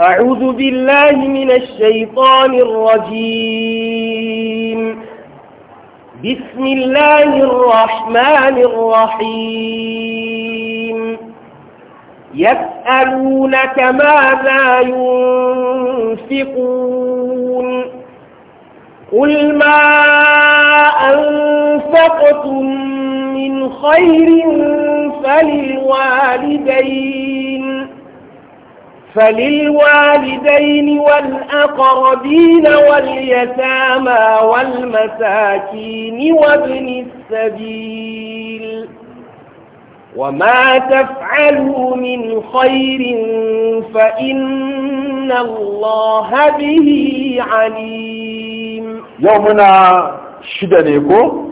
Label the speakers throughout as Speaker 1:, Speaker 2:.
Speaker 1: أعوذ بالله من الشيطان الرجيم بسم الله الرحمن
Speaker 2: الرحيم يسألونك ماذا ينفقون قل ما أنفقتم من خير فللوالدين فللوالدين والأقربين واليتامى والمساكين وابن السبيل وما تفعلوا من خير فإن الله به عليم يومنا شدنيكو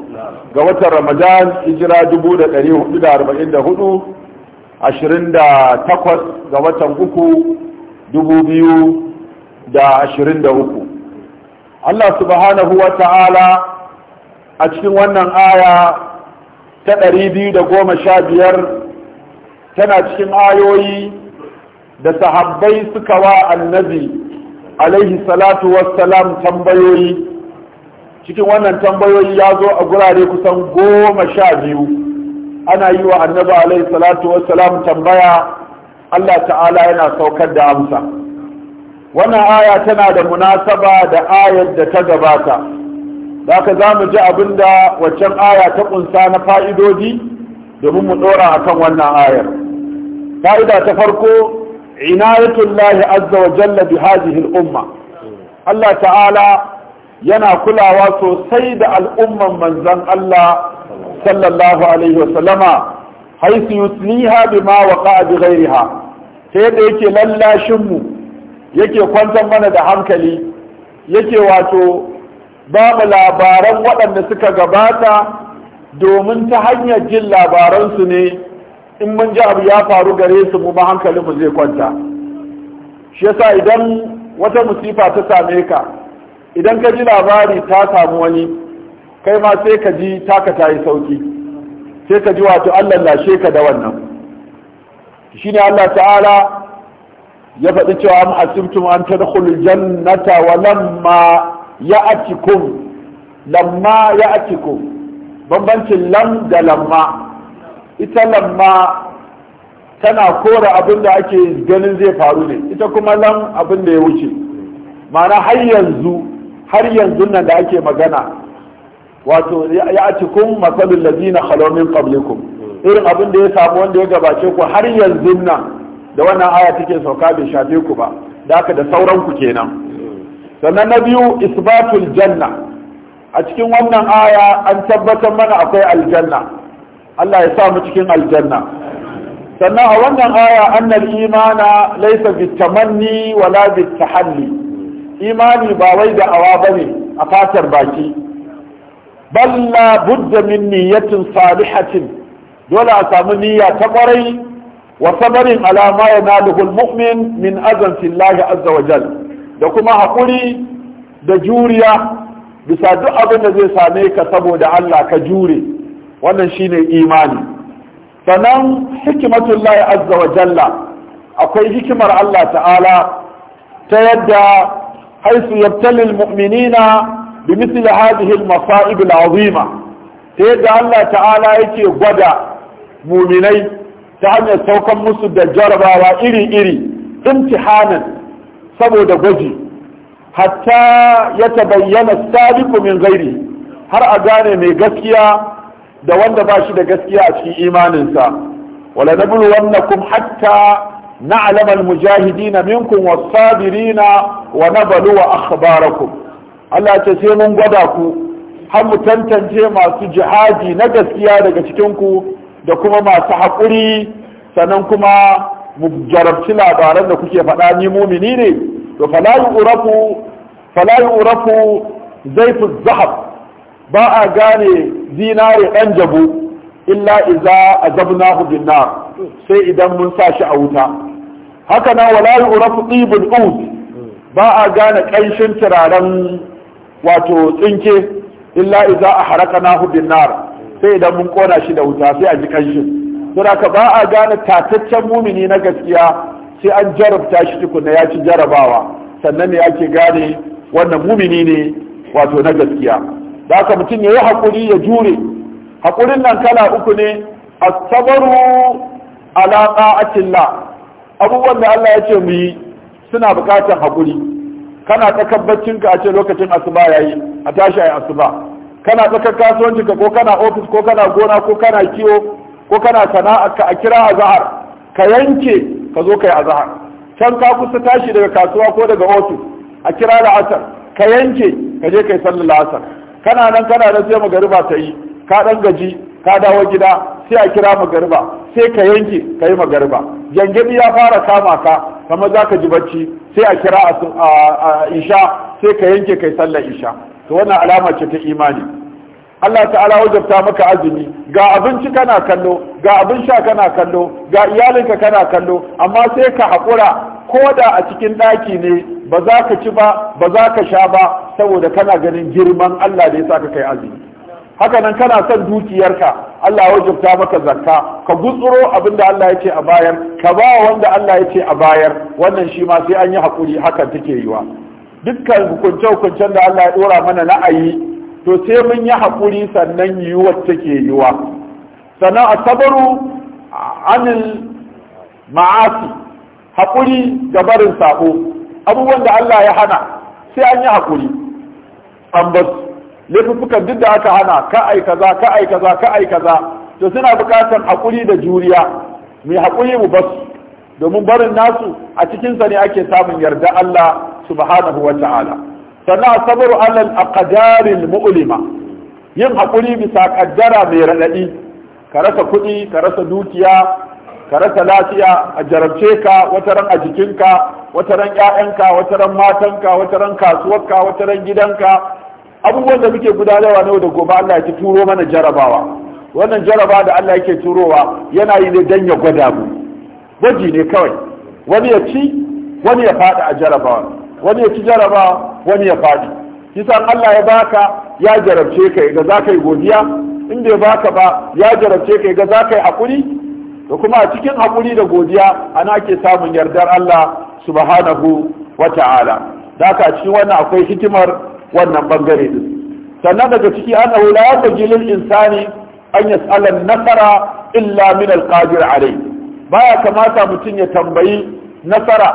Speaker 2: ga watan إلى أربعين 1444 ashirin da takwas ga watan uku dubu biyu da ashirin da uku Allah subhanahu wa ta'ala a cikin wannan aya ta ɗari biyu da goma sha biyar tana cikin ayoyi da sahabbai suka wa annabi alaihi salatu wassalam tambayoyi cikin wannan tambayoyi ya zo a gurare kusan goma sha biyu ana yi wa annabi alaihi salatu salam tambaya Allah ta'ala yana saukar da amsa wannan aya tana da munasaba da ayar da ta gabata haka za mu ji abin da waccan aya ta kunsa na fa'idodi domin mu ɗora a kan wannan ayar fa'ida ta farko inayatun lahi azza wa jalla bi umma Allah ta'ala yana kulawa sosai da al'umman manzan Allah sallallahu alaihi wasallama haisu yutliha bima waqa bi ghairiha sai da yake lallashin mu yake kwantar mana da hankali yake wato ba mu labaran waɗanda suka gabata domin ta hanyar jin labaransu ne in mun ji abu ya faru gare su mu ma hankalinmu zai kwanta shi yasa idan wata musifa ta same ka idan ka ji labari ta samu wani kai ma sai ka ji taka ta yi sauki sai ka ji wato Allah lashe ka da wannan shi ne Allah ta'ala ya faɗi cewa am asimtum an tadkhulu jannata wa lamma ya'tikum lamma ya'tikum bambancin lam da lamma ita lamma tana kora abin da ake ganin zai faru ne ita kuma lam abin da ya wuce ma'ana har yanzu har yanzu nan da ake magana wato ya atikum masalul ladina khalaw min qablikum irin abin da ya samu wanda ya gabace ku har yanzu nan da wannan aya take sauka bai shafe ku ba da aka da sauran ku kenan sannan na biyu isbatul janna a cikin wannan aya an tabbatar mana akwai aljanna Allah ya sa mu cikin aljanna sannan a wannan aya annal imana laysa bitamanni wala bitahalli imani ba wai da awa bane a fatar baki bal la budda min niyyatin salihatin dole a samu niyya ta kwarai wa sabarin ala ma yanaluhu almu'min min azan fillahi azza wa jal da kuma hakuri da juriya bisa duk abin da zai same ka saboda Allah ka jure wannan shine imani sannan hikmatullahi azza wa jalla akwai hikimar Allah ta'ala ta yadda haisu yabtalil mu'minina bi misli Hilma al-masa'ib azima sai da Allah ta'ala yake gwada muminai ta hanyar saukan musu da jarabawa iri-iri imtihanan saboda gwaji hatta ya ta bayyana min gairi har a gane mai gaskiya da wanda ba shi da gaskiya a cikin imaninsa wala nablu wannakum hatta na'lamal mujahidina minkum was-sabirina wa nablu wa akhbarakum Allah ce sai mun gwada ku har mu tantance masu jihadi na gaskiya daga cikin ku da kuma masu haƙuri sannan kuma mu jarabci labaran da kuke faɗa ni mumini ne to fala yi urafu yu'rafu zaifu zahab ba a gane zinare ɗan jabu illa iza a bin nar sai idan mun sa shi a wuta haka nan wala urafu tibul ud ba a gane ƙanshin turaren wato tsinke illa a iza haraka na bin nar sai idan mun kona shi da wuta sai a ji kanshin don haka ba a gane tataccen mumini na gaskiya sai an jarabta shi tukuna ya ci jarabawa sannan ne ake gane wannan mumini ne wato na gaskiya da haka mutum ya yi haƙuri ya jure haƙurin nan kala uku ne a alaƙa a cilla abubuwan da Allah ya ce mu yi suna buƙatar haƙuri kana tsakar ka a ce lokacin asuba yayi a tashi ayi asuba kana tsakar kasuwanci ka ko kana ofis ko kana gona ko kana kiwo ko kana sana'a ka a kira azahar ka yanke ka zo kai azhar can ka kusa tashi daga kasuwa ko daga ofis a kira da asar ka yanke ka je kai sallar asar kana nan kana nan sai magariba ta yi ka ɗan gaji ka dawo gida sai a kira magariba sai ka yanke ka yi magariba jangabi ya fara kama ka kamar za ka ji bacci sai a kira a isha sai ka yanke kai sallar isha to wannan alama ce ta imani Allah ta'ala wajabta maka azumi ga abinci kana kallo ga abin sha kana kallo ga iyalinka kana kallo amma sai ka haƙura ko da a cikin ɗaki ne ba za ka ci ba ba za ka sha ba saboda kana ganin girman Allah da ya sa ka kai azumi haka nan kana son dukiyarka Allah ya wajabta maka zakka ka gutsuro abinda Allah ya a bayar ka ba wanda Allah ya a bayar wannan shi ma sai an yi hakuri hakan take yiwa dukkan hukunce hukuncen da Allah ya dora mana na ayi to sai mun yi hakuri sannan yiwa take yiwa sannan asabaru anil ma'asi hakuri da barin sako abubuwan da Allah ya hana sai an yi hakuri an basu laifuffukan duk da aka hana ka ai kaza ka ai kaza ka ai kaza to suna bukatar hakuri da juriya mu hakuri mu bas domin barin nasu a cikin sa ne ake samun yarda Allah subhanahu wa ta'ala sannan sabru aqdar al mu'lima yin hakuri bisa kaddara mai radadi ka rasa kuɗi ka rasa dukiya ka rasa lafiya a jarabce ka wata ran a jikinka wata ran ƴaƴanka wata ran matanka wata ran kasuwarka wata ran gidanka abubuwan da muke gudanarwa na yau da gobe Allah ya turo mana jarabawa wannan jaraba da Allah yake turowa yana yi ne dan ya gwada mu gwaji ne kawai wani ya ci wani ya faɗi a jarabawa wani ya ci jaraba wani ya faɗi kisan Allah ya baka ya jarabce ka ga za ka yi godiya in bai baka ba ya jarabce ka ga za ka yi haƙuri da kuma a cikin hakuri da godiya ana ke samun yardar Allah subhanahu wa ta'ala da ka cikin wannan akwai hikimar wannan bangare din sannan daga ciki an la yaji lil insani an yas'ala nasara illa min alqadir alai baya kamata mutum ya tambayi nasara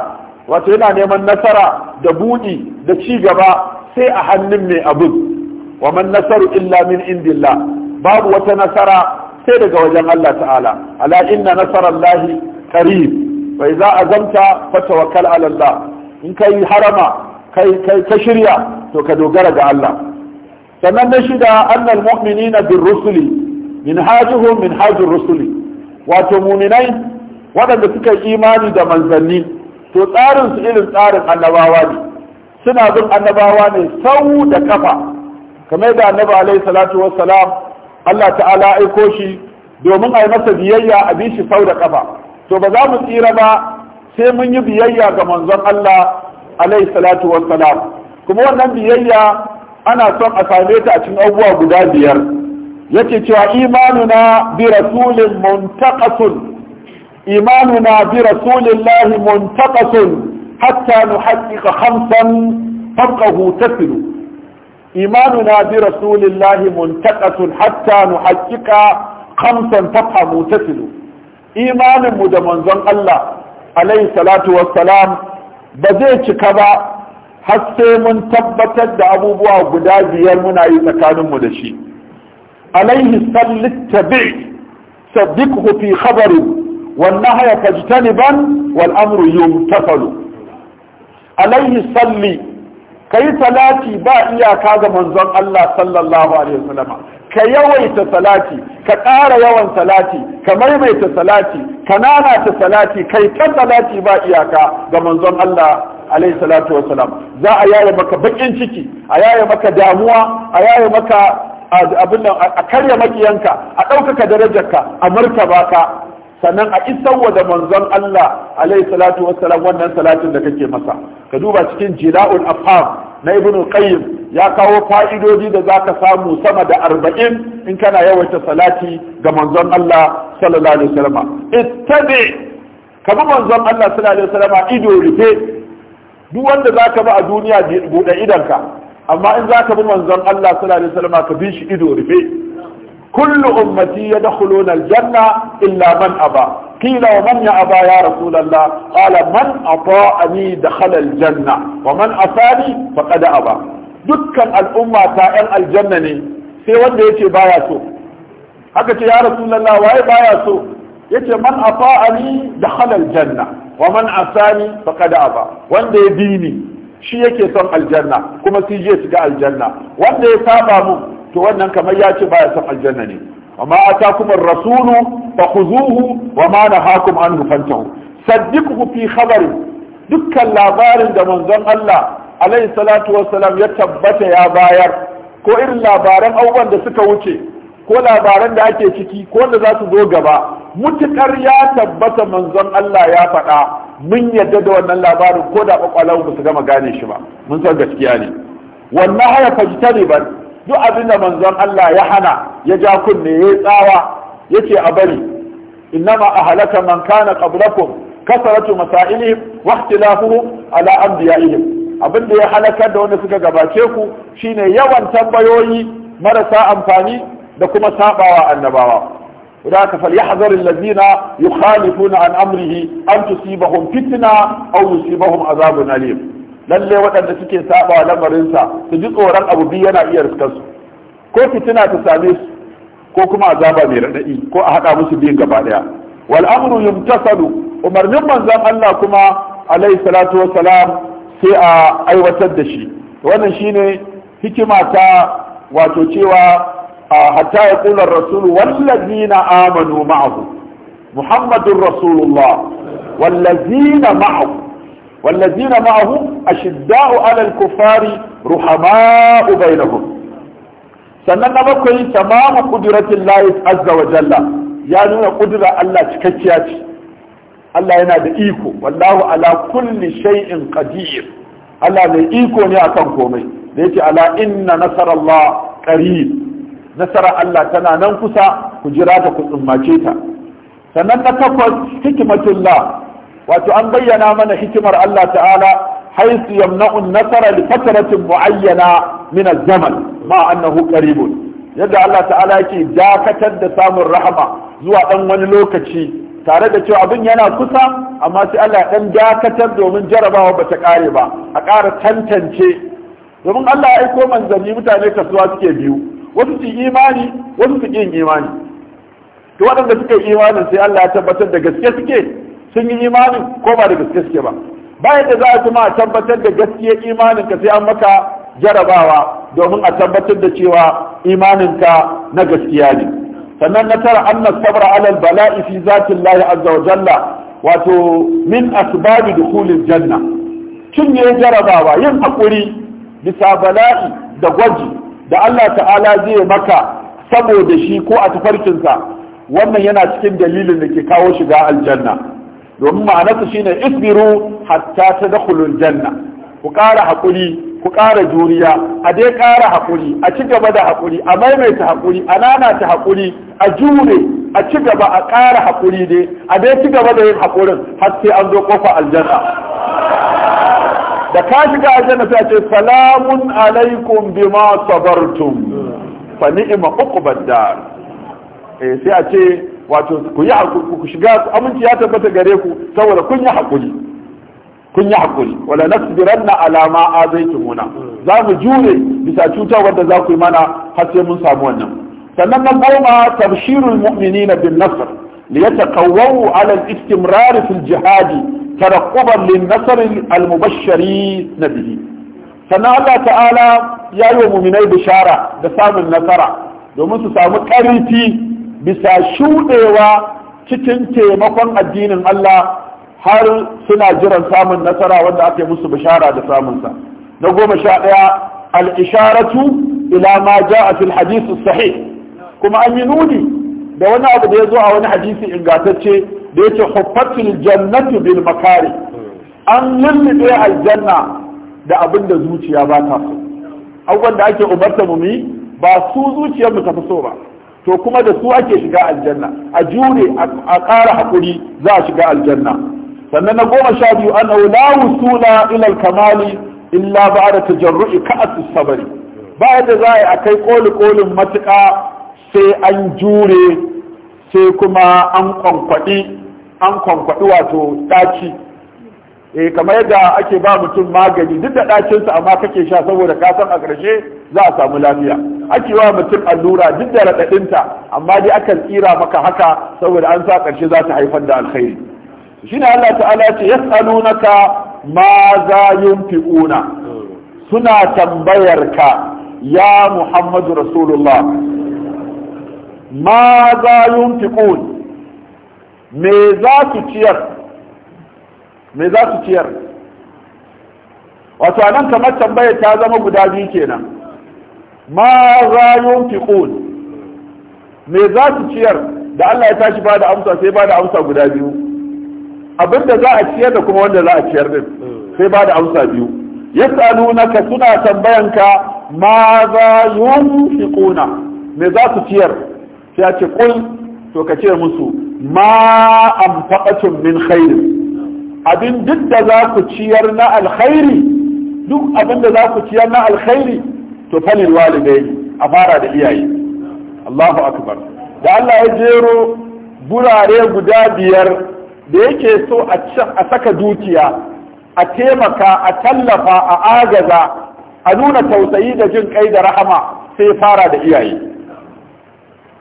Speaker 2: wato yana neman nasara da budi da ci gaba sai a hannun mai abin wa man nasaru illa min indillah babu wata nasara sai daga wajen Allah ta'ala ala inna nasarallahi qarib bai idza azamta fatawakkal ala Allah in kai harama kai kai ka shirya to ka dogara ga Allah sannan na shida annal mu'minina Min rusuli minhajuhum minhajur rusuli wato muminai waɗanda suka imani da manzanni to tsarin su irin tsarin annabawa ne suna bin annabawa ne sau da kafa kamar da annabi alaihi salatu wassalam Allah ta'ala aiko shi domin a yi masa biyayya a bi shi sau da kafa to ba za mu tsira ba sai mun yi biyayya ga manzon Allah alaihi salatu wassalam kuma wannan biyayya ana son a same ta a cikin abubuwa guda biyar yake cewa imanuna bi rasulin muntaqasun imanuna bi rasulin rasulillahi muntaqasun hatta nuhaqqiqa khamsan faqahu tasilu imanuna bi rasulin rasulillahi muntaqasun hatta nuhaqqiqa khamsan faqahu tasilu imanin mu da manzon Allah alaihi salatu wassalam ba zai cika ba har sai mun tabbatar da abubuwa guda biyar muna yi tsakaninmu da shi alaihi sallit tabi saddiqhu fi khabari wan nahya fajtaniban wal amru yumtafalu alaihi salli yi salati ba iyaka ga manzon Allah sallallahu alaihi wasallam ka yawaita salati ka ƙara yawan salati ka maimaita salati ka nanata salati kai ta salati ba iyaka ga manzon Allah alaihi salatu wa salam za a yaye maka bakin ciki a yaye maka damuwa a yaye maka abin nan a karya makiyanka a ɗaukaka darajarka a martaba ka sannan a isarwa da manzon Allah alaihi salatu wa salam wannan salatin da kake masa ka duba cikin jila'ul afham na ibn qayyim ya kawo fa'idodi da zaka samu sama da arba'in in kana yawaita salati ga manzon Allah sallallahu alaihi wasallam ittabi ka bi manzon Allah sallallahu alaihi wasallam ido rufe duk wanda za ka bi a duniya buɗe idanka amma in za ka bi manzon Allah sallallahu alaihi wasallam ka bi shi ido rufe kullu ummati yadkhuluna aljanna illa man aba قيل ya يأبى يا رسول الله قال من أطاعني دخل الجنة ومن أطاني فقد Aba. dukkan al'umma ta ‘yan aljanna ne sai wanda ya ce baya so haka ce ya rasulallah waye baya so ya ce man afa'ani da halal janna wa man asani faqad aba wanda ya bi ni shi yake son aljanna kuma shi zai shiga aljanna wanda ya saba mu to wannan kamar ya ce baya son aljanna ne amma atakum ar-rasulu fakhuzuhu wa ma nahakum anhu fantahu saddiquhu fi dukkan labarin da manzon Allah alaihi salatu wassalam ya tabbata ya bayar ko irin labaran abubuwan da suka wuce ko labaran da ake ciki ko da za su zo gaba mutukar ya tabbata manzon Allah ya faɗa mun yadda da wannan labarin ko da kwakwalau ba su gama gane shi ba mun san gaskiya ne wannan haya ne ba duk abin da manzon Allah ya hana ya ja kunne ya tsawa ce a bari innama ahlaka man kana qablakum kasaratu masailihim wa ikhtilafuhum ala anbiya'ihim abin da ya halakar da wanda suka gabace ku shine yawan tambayoyi marasa amfani da kuma sabawa annabawa ذاك فليحذر الذين يخالفون عن امره ان تصيبهم فتنه او يصيبهم عذاب اليم lalle waɗanda suke saba lamarinsa su ji tsoron abu biyu yana iya riskarsu ko fitina ta same su ko kuma azaba mai raɗaɗi ko a haɗa musu biyun gabaɗaya ɗaya wal amru yumtasalu umarnin manzon Allah kuma alaihi salatu wassalam sai a aiwatar da shi wannan shine hikimata wato cewa hatta ya kula rasulu wallazina amanu ma'ahu muhammadur rasulullah wallazina ma'ahu wallazina ma'ahu ashidda'u 'alal kufari ruhama'u bainahum sannan na bakwai tamamu qudratil lahi azza wa jalla ya nuna kudura Allah cikakkiya ce Allah yana da iko wallahu ala kulli shay'in qadir Allah mai iko ne akan komai da yake ala inna nasarallah qarib nasara Allah tana nan kusa ku jira ta ku tsummace ta sannan na takwas hikimatullah wato an bayyana mana hikimar Allah ta'ala haisu yamna'un nasara li fatratin muayyana min az-zaman ma annahu qaribun yadda Allah ta'ala yake dakatar da samun rahama zuwa dan wani lokaci tare da cewa abin yana kusa amma sai Allah dan dakatar domin jarabawa bata kare ba a ƙara tantance domin Allah ya aiko manzanni mutane kasuwa suke biyu wasu su imani wasu su yin imani to waɗanda suka yi imanin sai Allah ya tabbatar da gaske suke sun yi imanin ko ba da gaske suke ba bayan da za a kuma a tabbatar da gaske imanin ka sai an maka jarabawa domin a tabbatar da cewa imanin ka na gaskiya ne sannan na tara anna sabra alal bala'i fi zatillahi azza wa jalla wato min asbabi dukhulil janna cinye jarabawa yin hakuri bisa bala'i da gwaji da Allah ta'ala zai maka saboda shi ko a tafarkinsa wannan yana cikin dalilin da ke kawo shiga aljanna domin ma'anarsa shine isbiru hatta tadkhulul janna ku ƙara haƙuri ku ƙara juriya a dai ƙara haƙuri a ci gaba da haƙuri a maimaita haƙuri a nanata haƙuri a jure a ci gaba a ƙara haƙuri dai a dai ci gaba da yin haƙurin har sai an zo ƙofa aljanna da ka shiga aljanna sai ce salamun alaikum bima sabartum fa ni'ma uqbad dar eh sai a ce wato ku yi hakuri ku shiga aminci ya tabbata gare ku saboda kun yi hakuri kun yi hakuri wala nasbiranna ala ma azaitumuna za mu jure bisa cutar wanda za ku yi mana har sai mun samu wannan sannan nan goma tabshirul mu'minina bin nasr liyataqawwu ala al-istimrar fil jihadi tarakkuban lin nasarin almubashari na bihi sannan Allah ta'ala ya yi wa muminai bishara da samun nasara domin su samu ƙarfi bisa shuɗewa cikin taimakon addinin Allah har suna jiran samun nasara wanda ake musu bishara da samunsa na goma sha ɗaya al-isharatu ila ma ja'a fil hadith sahih kuma an yi nuni da wani abu da ya zo a wani hadisi ingantacce da yake huffatul jannatu bil makari an lullube aljanna da abin da zuciya ba ta so abubuwan da ake umarta mu yi ba su zuciyar mu ta so ba to kuma da su ake shiga aljanna a jure a ƙara haƙuri za a shiga aljanna sannan na goma sha biyu an aula wusula ila kamali illa ba'da tajarru'i ka'as sabari ba yadda za a kai koli kolin matuƙa sai an jure sai kuma an kwankwaɗi an kwankwaɗi wato ɗaci eh kamar yadda ake ba mutum magani duk da ɗacinsa amma kake sha saboda ka san a ƙarshe za a samu lafiya ake wa mutum allura duk da raɗaɗinta amma dai akan tsira maka haka saboda an sa ƙarshe za ta haifar da alkhairi shine Allah ta'ala ce yas'alunaka ma za yunfiquna suna tambayarka ya Muhammadu Rasulullah ma za yunfiqun me za su ciyar me za su ciyar wato anan kamar tambaya ta zama guda biyu kenan ma za yunfiqun me za su ciyar da Allah ya tashi ba da amsa sai ba da amsa guda biyu abinda za a ciyar da kuma wanda za a ciyar din sai ba da amsa biyu ka suna tambayanka ma za yunfiquna me za su ciyar sai ya ce to ka ce musu ma anfaqatum min khairin abin duk da za ku ciyar na alkhairi duk abin da za ku ciyar na alkhairi to falil walidai a fara da iyaye Allahu akbar da Allah ya jero gurare guda biyar da yake so a saka dukiya a taimaka a tallafa a agaza a nuna tausayi da jin kai da rahama sai fara da iyaye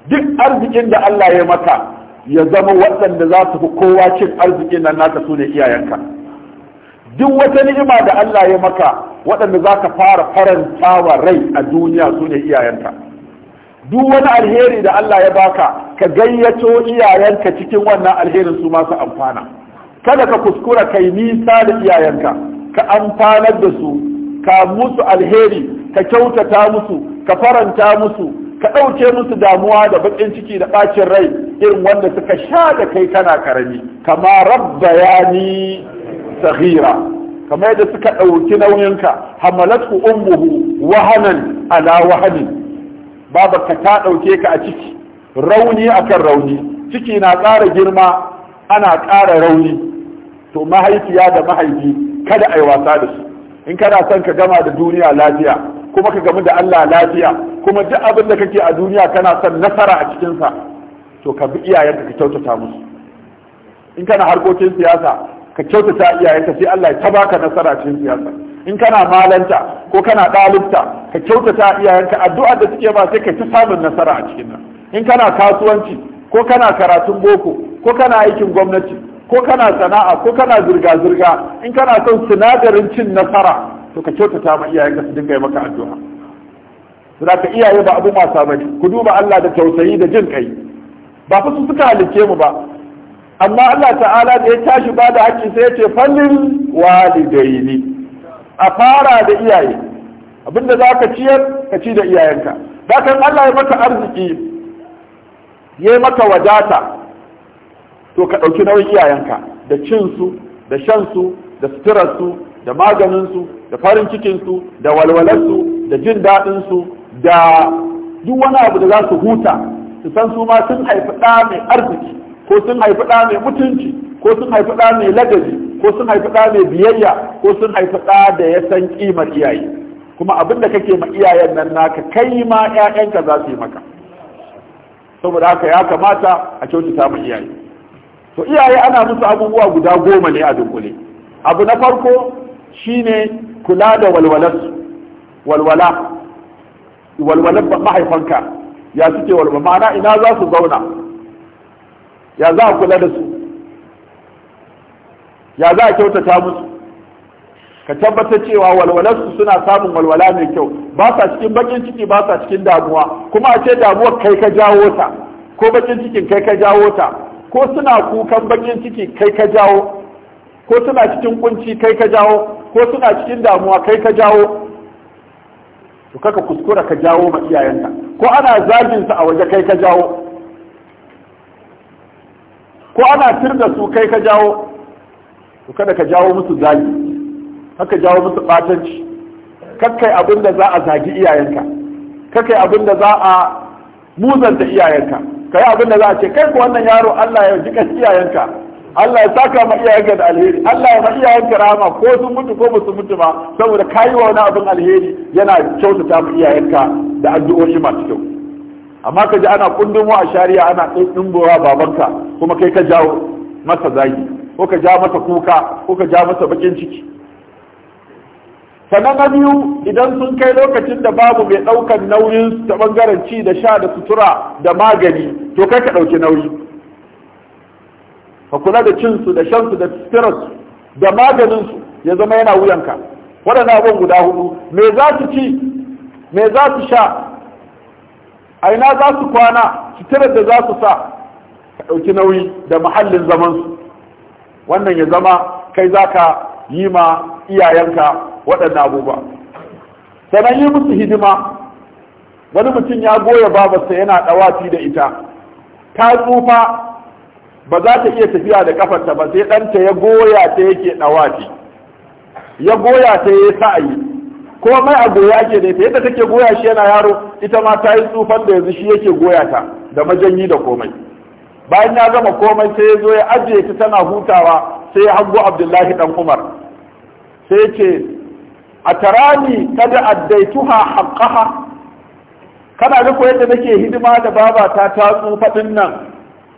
Speaker 2: duk arzikin da Allah ya maka ya zama waɗanda za su fi kowa cin arzikin nan naka su ne iyayenka duk wata ni'ima da Allah ya maka waɗanda za ka fara farantawa rai a duniya su ne iyayenka duk wani alheri da Allah ya baka ka gayyato iyayenka cikin wannan alherin su masu amfana kada ka kuskura kai nisa da iyayenka ka amfanar da su ka musu alheri ka kyautata musu ka faranta musu ka ɗauke musu damuwa da baƙin ciki da ɓacin rai irin wanda suka sha da kai kana karami kama ni sahira kamar yadda suka ɗauki nauyinka hamalat ku umuhu wahanan ala wahanin ka ta ɗauke ka a ciki rauni akan rauni ciki na ƙara girma ana ƙara rauni to mahaifiya da mahaifi kada a yi wasa da su in kana son ka gama da duniya lafiya kuma ka gamu da Allah lafiya kuma duk abin da kake a duniya kana son nasara a cikinsa to ka bi iyayenka ka kyautata musu in kana harkokin siyasa ka kyautata iyayenka sai Allah ya tabaka nasara cikin siyasa in kana malanta ko kana dalibta ka kyautata iyayenka addu'a da suke ba sai ka ci samun nasara a cikin nan in kana kasuwanci ko kana karatun boko ko kana aikin gwamnati ko kana sana'a ko kana zirga-zirga in kana son sinadarin cin nasara to ka kyautata ma iyayenka su dinga yi maka addu'a su da ka iyaye ba abu masa bane ku duba Allah da tausayi da jin kai ba fa su suka halice mu ba amma Allah ta'ala da ya tashi ba da haƙƙi sai ya ce fallin walidaini a fara da iyaye abinda za ka ciyar ka ci da iyayenka da Allah ya maka arziki ya maka wadata to ka ɗauki nauyin iyayenka da cin su, da shan su, da suturarsu da maganinsu da farin cikinsu da walwalarsu da jin daɗinsu da duk wani abu da za su huta su san su ma sun haifi ɗa mai arziki ko sun haifi ɗa mai mutunci ko sun haifi ɗa mai ladabi ko sun haifi ɗa mai biyayya ko sun haifi ɗa da ya san ƙimar iyaye kuma abin da kake ma iyayen nan naka kai ma 'ya'yanka za su yi maka saboda haka ya kamata a kyautata ma iyaye to iyaye ana musu abubuwa guda goma ne a dunkule abu na farko shine kula da walwalarsu walwala walwalar mahaifanka ya suke walwala ma'ana ina za su zauna ya za a kula da su ya za a kyautata musu ka tabbatar cewa walwalarsu suna samun walwala mai kyau ba sa cikin bakin ciki ba sa cikin damuwa kuma a ce damuwar kai ka jawo ta ko bakin cikin kai ka jawo ta ko suna kukan bakin ciki kai ka jawo ko suna cikin kunci kai ka jawo ko suna cikin damuwa kai ka jawo to kaka kuskura ka jawo ma iyayenka ko ana zagin su a waje kai ka jawo ko ana tir da su kai ka jawo to kada ka jawo musu zagi haka jawo musu batanci kakkai abin da za a zagi iyayenka kakkai abin da za a muzanta iyayenka kai abin da za a ce kai ko wannan yaro Allah ya ji iyayenka Allah ya saka ma iyayenka da alheri Allah ya ma iyayenka rahama ko sun mutu ko musu mutu ba saboda kayi wa wani abin alheri yana kyautata ma iyayenka da addu'o'i masu kyau amma ka ji ana kundumo a shari'a ana ɗimbowa babanka kuma kai ka jawo masa zagi ko ka ja masa kuka ko ka ja masa bakin ciki sannan na biyu idan sun kai lokacin da babu mai ɗaukar nauyin ta bangaren ci da sha da sutura da magani to kai ka ɗauki nauyi ka kula da cinsu da shansu da spirit da maganinsu ya zama yana wuyanka waɗannan abin guda hudu me za su ci me za su sha a ina za su kwana suturar da za su sa ka ɗauki nauyi da muhallin zamansu wannan ya zama kai za ka yi ma iyayenka waɗannan abubuwa sannan yi musu hidima wani mutum ya goya babarsa yana ɗawafi da ita ta tsufa ba za ta iya tafiya da kafarta ba sai ɗanta ya goya ta yake ɗawafi ya goya ta ya sa'ayi ko mai a goya ke da ta yadda take goya shi yana yaro ita ma ta yi tsufan da yanzu shi yake goya ta da majanyi da komai bayan ya gama komai sai ya zo ya ajiye ta tana hutawa sai ya hango abdullahi dan umar sai ce a tarani kada addaituha haqqaha kana ga ko yadda nake hidima da babata ta tsufa din nan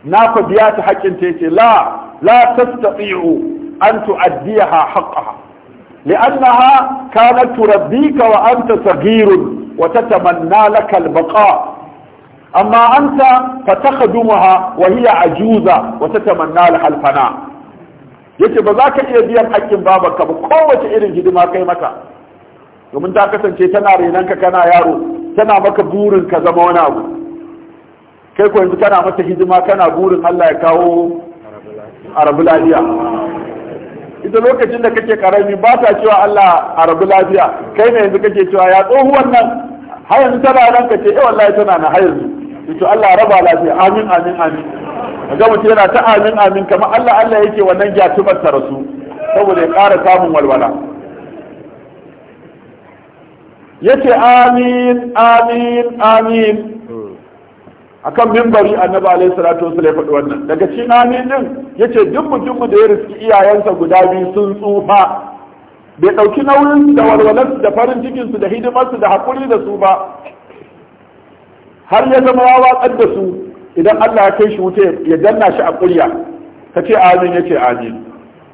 Speaker 2: na ku biya ta haƙƙin ta la la tastati'u an tu'addiha haqqaha li'annaha kanat turabbika wa anta saghirun wa tatamanna laka al-baqa amma anta fatakhadumuha wa hiya ajuza wa tatamanna laha al-fana yace ba za ka iya biyan haƙƙin babanka ba kowace irin hidima kai mata domin ta kasance tana renanka kana yaro tana maka burin ka zama wani abu kai ko yanzu kana masa hidima kana burin Allah ya kawo arabu lafiya ita lokacin da kake karami ba ta cewa Allah arabu lafiya kai ne yanzu kake cewa ya tsohuwan nan har yanzu tana nan kace eh wallahi tana nan har yanzu to Allah raba lafiya amin amin amin ga mutum yana ta amin amin kamar Allah Allah yake wannan gyatubar ta rasu saboda ya ƙara samun walwala yace amin amin amin akan mimbari annabi alaihi salatu wasallam ya faɗi wannan daga cikin Aminin ya yace duk mutumin da ya riski iyayensa guda biyu sun tsufa bai ɗauki nauyin da walwalarsu da farin cikin su da hidimar su da hakuri da su ba har ya zama wawa watsar da su idan Allah ya kai shi wuce ya danna shi a ƙurya ka ce amin ya ce amin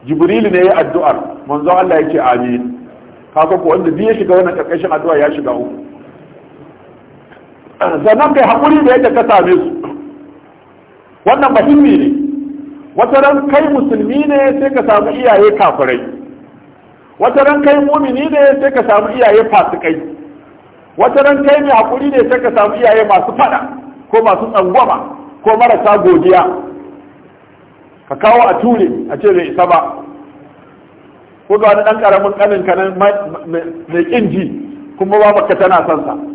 Speaker 2: jibril ne ya addu'ar manzon Allah ya ce amin kaga ko wanda ya shiga wannan ƙarƙashin addu'a ya shiga uku sannan kai haƙuri da yadda ka same su wannan muhimmi ne wata ran kai musulmi ne sai ka samu iyaye kafirai wata ran kai mumini ne sai ka samu iyaye fasikai wata ran kai mai haƙuri ne sai ka samu iyaye masu fada ko masu tsangwama ko marasa godiya ka kawo a ture a ce bai isa ba ko ga wani ɗan ƙaramin ƙanin kanan mai ƙin ji kuma ba tana son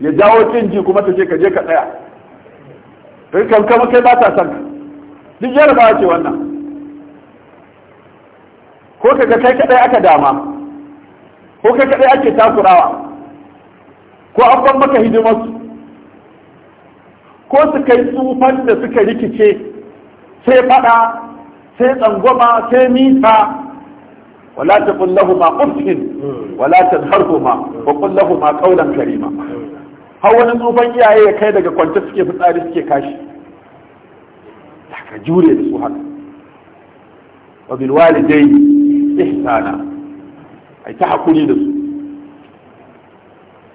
Speaker 2: ya jawo cin ji kuma ta ce ka je ka tsaya kai kan kama kai ba ta san ka duk ba ce wannan ko ka ga kai kadai aka dama ko kai kadai ake takurawa ko an ban maka hidimar su ko su kai tsufan da suka rikice sai fada sai tsangwama sai nisa wala ta kullahu ma ufin wala ta harkuma wa kullahu ma kaulan karima har wani tsufan iyaye ya kai daga kwance suke fitsari suke kashi ka jure da su haka wa bil walidai ihsana ai ta hakuri da su